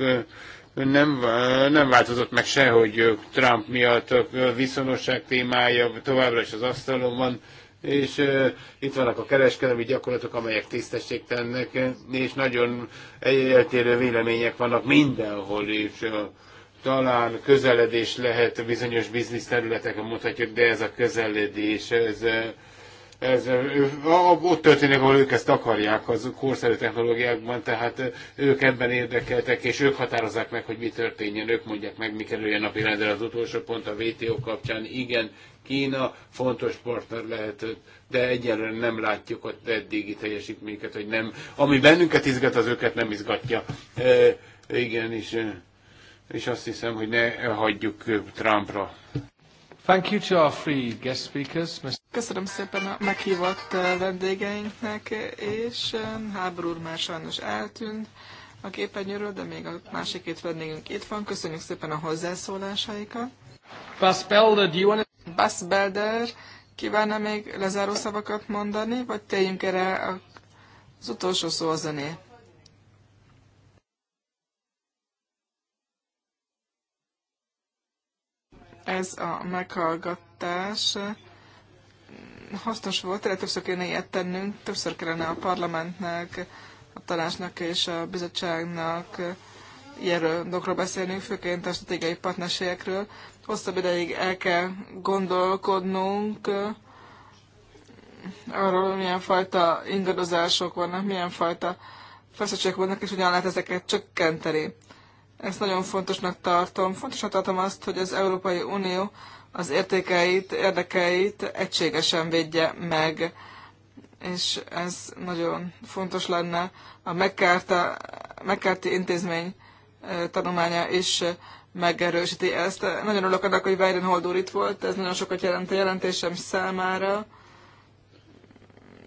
Nem, nem változott meg se, hogy Trump miatt a viszonosság témája továbbra is az asztalon van, és uh, itt vannak a kereskedelmi gyakorlatok, amelyek tisztességtennek, és nagyon eltérő vélemények vannak mindenhol, és uh, talán közeledés lehet bizonyos biznisz területeken mondhatjuk, de ez a közeledés, ez uh, ez, ott történik, ahol ők ezt akarják az korszerű technológiákban, tehát ők ebben érdekeltek, és ők határozzák meg, hogy mi történjen, ők mondják meg, mi kerüljön napi rendre az utolsó pont a WTO kapcsán. Igen, Kína fontos partner lehet, de egyelőre nem látjuk ott eddigi teljesítményeket, hogy nem. Ami bennünket izgat, az őket nem izgatja. E, igen, és, és azt hiszem, hogy ne hagyjuk Trumpra. Thank you to our three guest speakers. Köszönöm szépen a meghívott uh, vendégeinknek, és um, háború úr már sajnos eltűnt a képernyőről, de még a másik két vendégünk itt van. Köszönjük szépen a hozzászólásaikat. Bas Belder, do you want Bas Belder, kívánna még lezáró szavakat mondani, vagy tegyünk erre az utolsó szó a zenét? ez a meghallgatás mm, hasznos volt, erre többször kéne ilyet tennünk, többször kellene a parlamentnek, a tanácsnak és a bizottságnak ilyen dokról beszélnünk, főként a stratégiai partnerségekről. Hosszabb ideig el kell gondolkodnunk mm, arról, milyen fajta ingadozások vannak, milyen fajta feszültségek vannak, és hogyan lehet ezeket csökkenteni. Ezt nagyon fontosnak tartom. Fontosnak tartom azt, hogy az Európai Unió az értékeit, érdekeit egységesen védje meg, és ez nagyon fontos lenne. A megkárti intézmény tanulmánya is megerősíti ezt. Nagyon örülök annak, hogy Biden Holdúr itt volt, ez nagyon sokat jelent a jelentésem számára.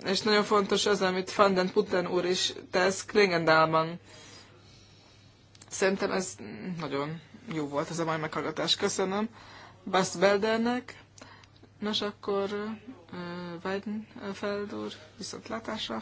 És nagyon fontos az, amit Fanden Putten úr is tesz Klingendálban Szerintem ez nagyon jó volt ez a mai meghallgatás. Köszönöm Bas Beldernek. Nos, akkor Weidenfeld úr, viszontlátásra.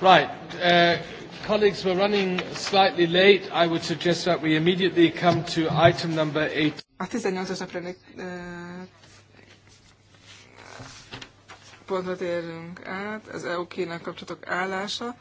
Right. Uh, colleagues, we're running slightly late. I would suggest that we immediately come to item number eight. A 18-as napra uh, pontra térünk át, az EU-Kína kapcsolatok állása.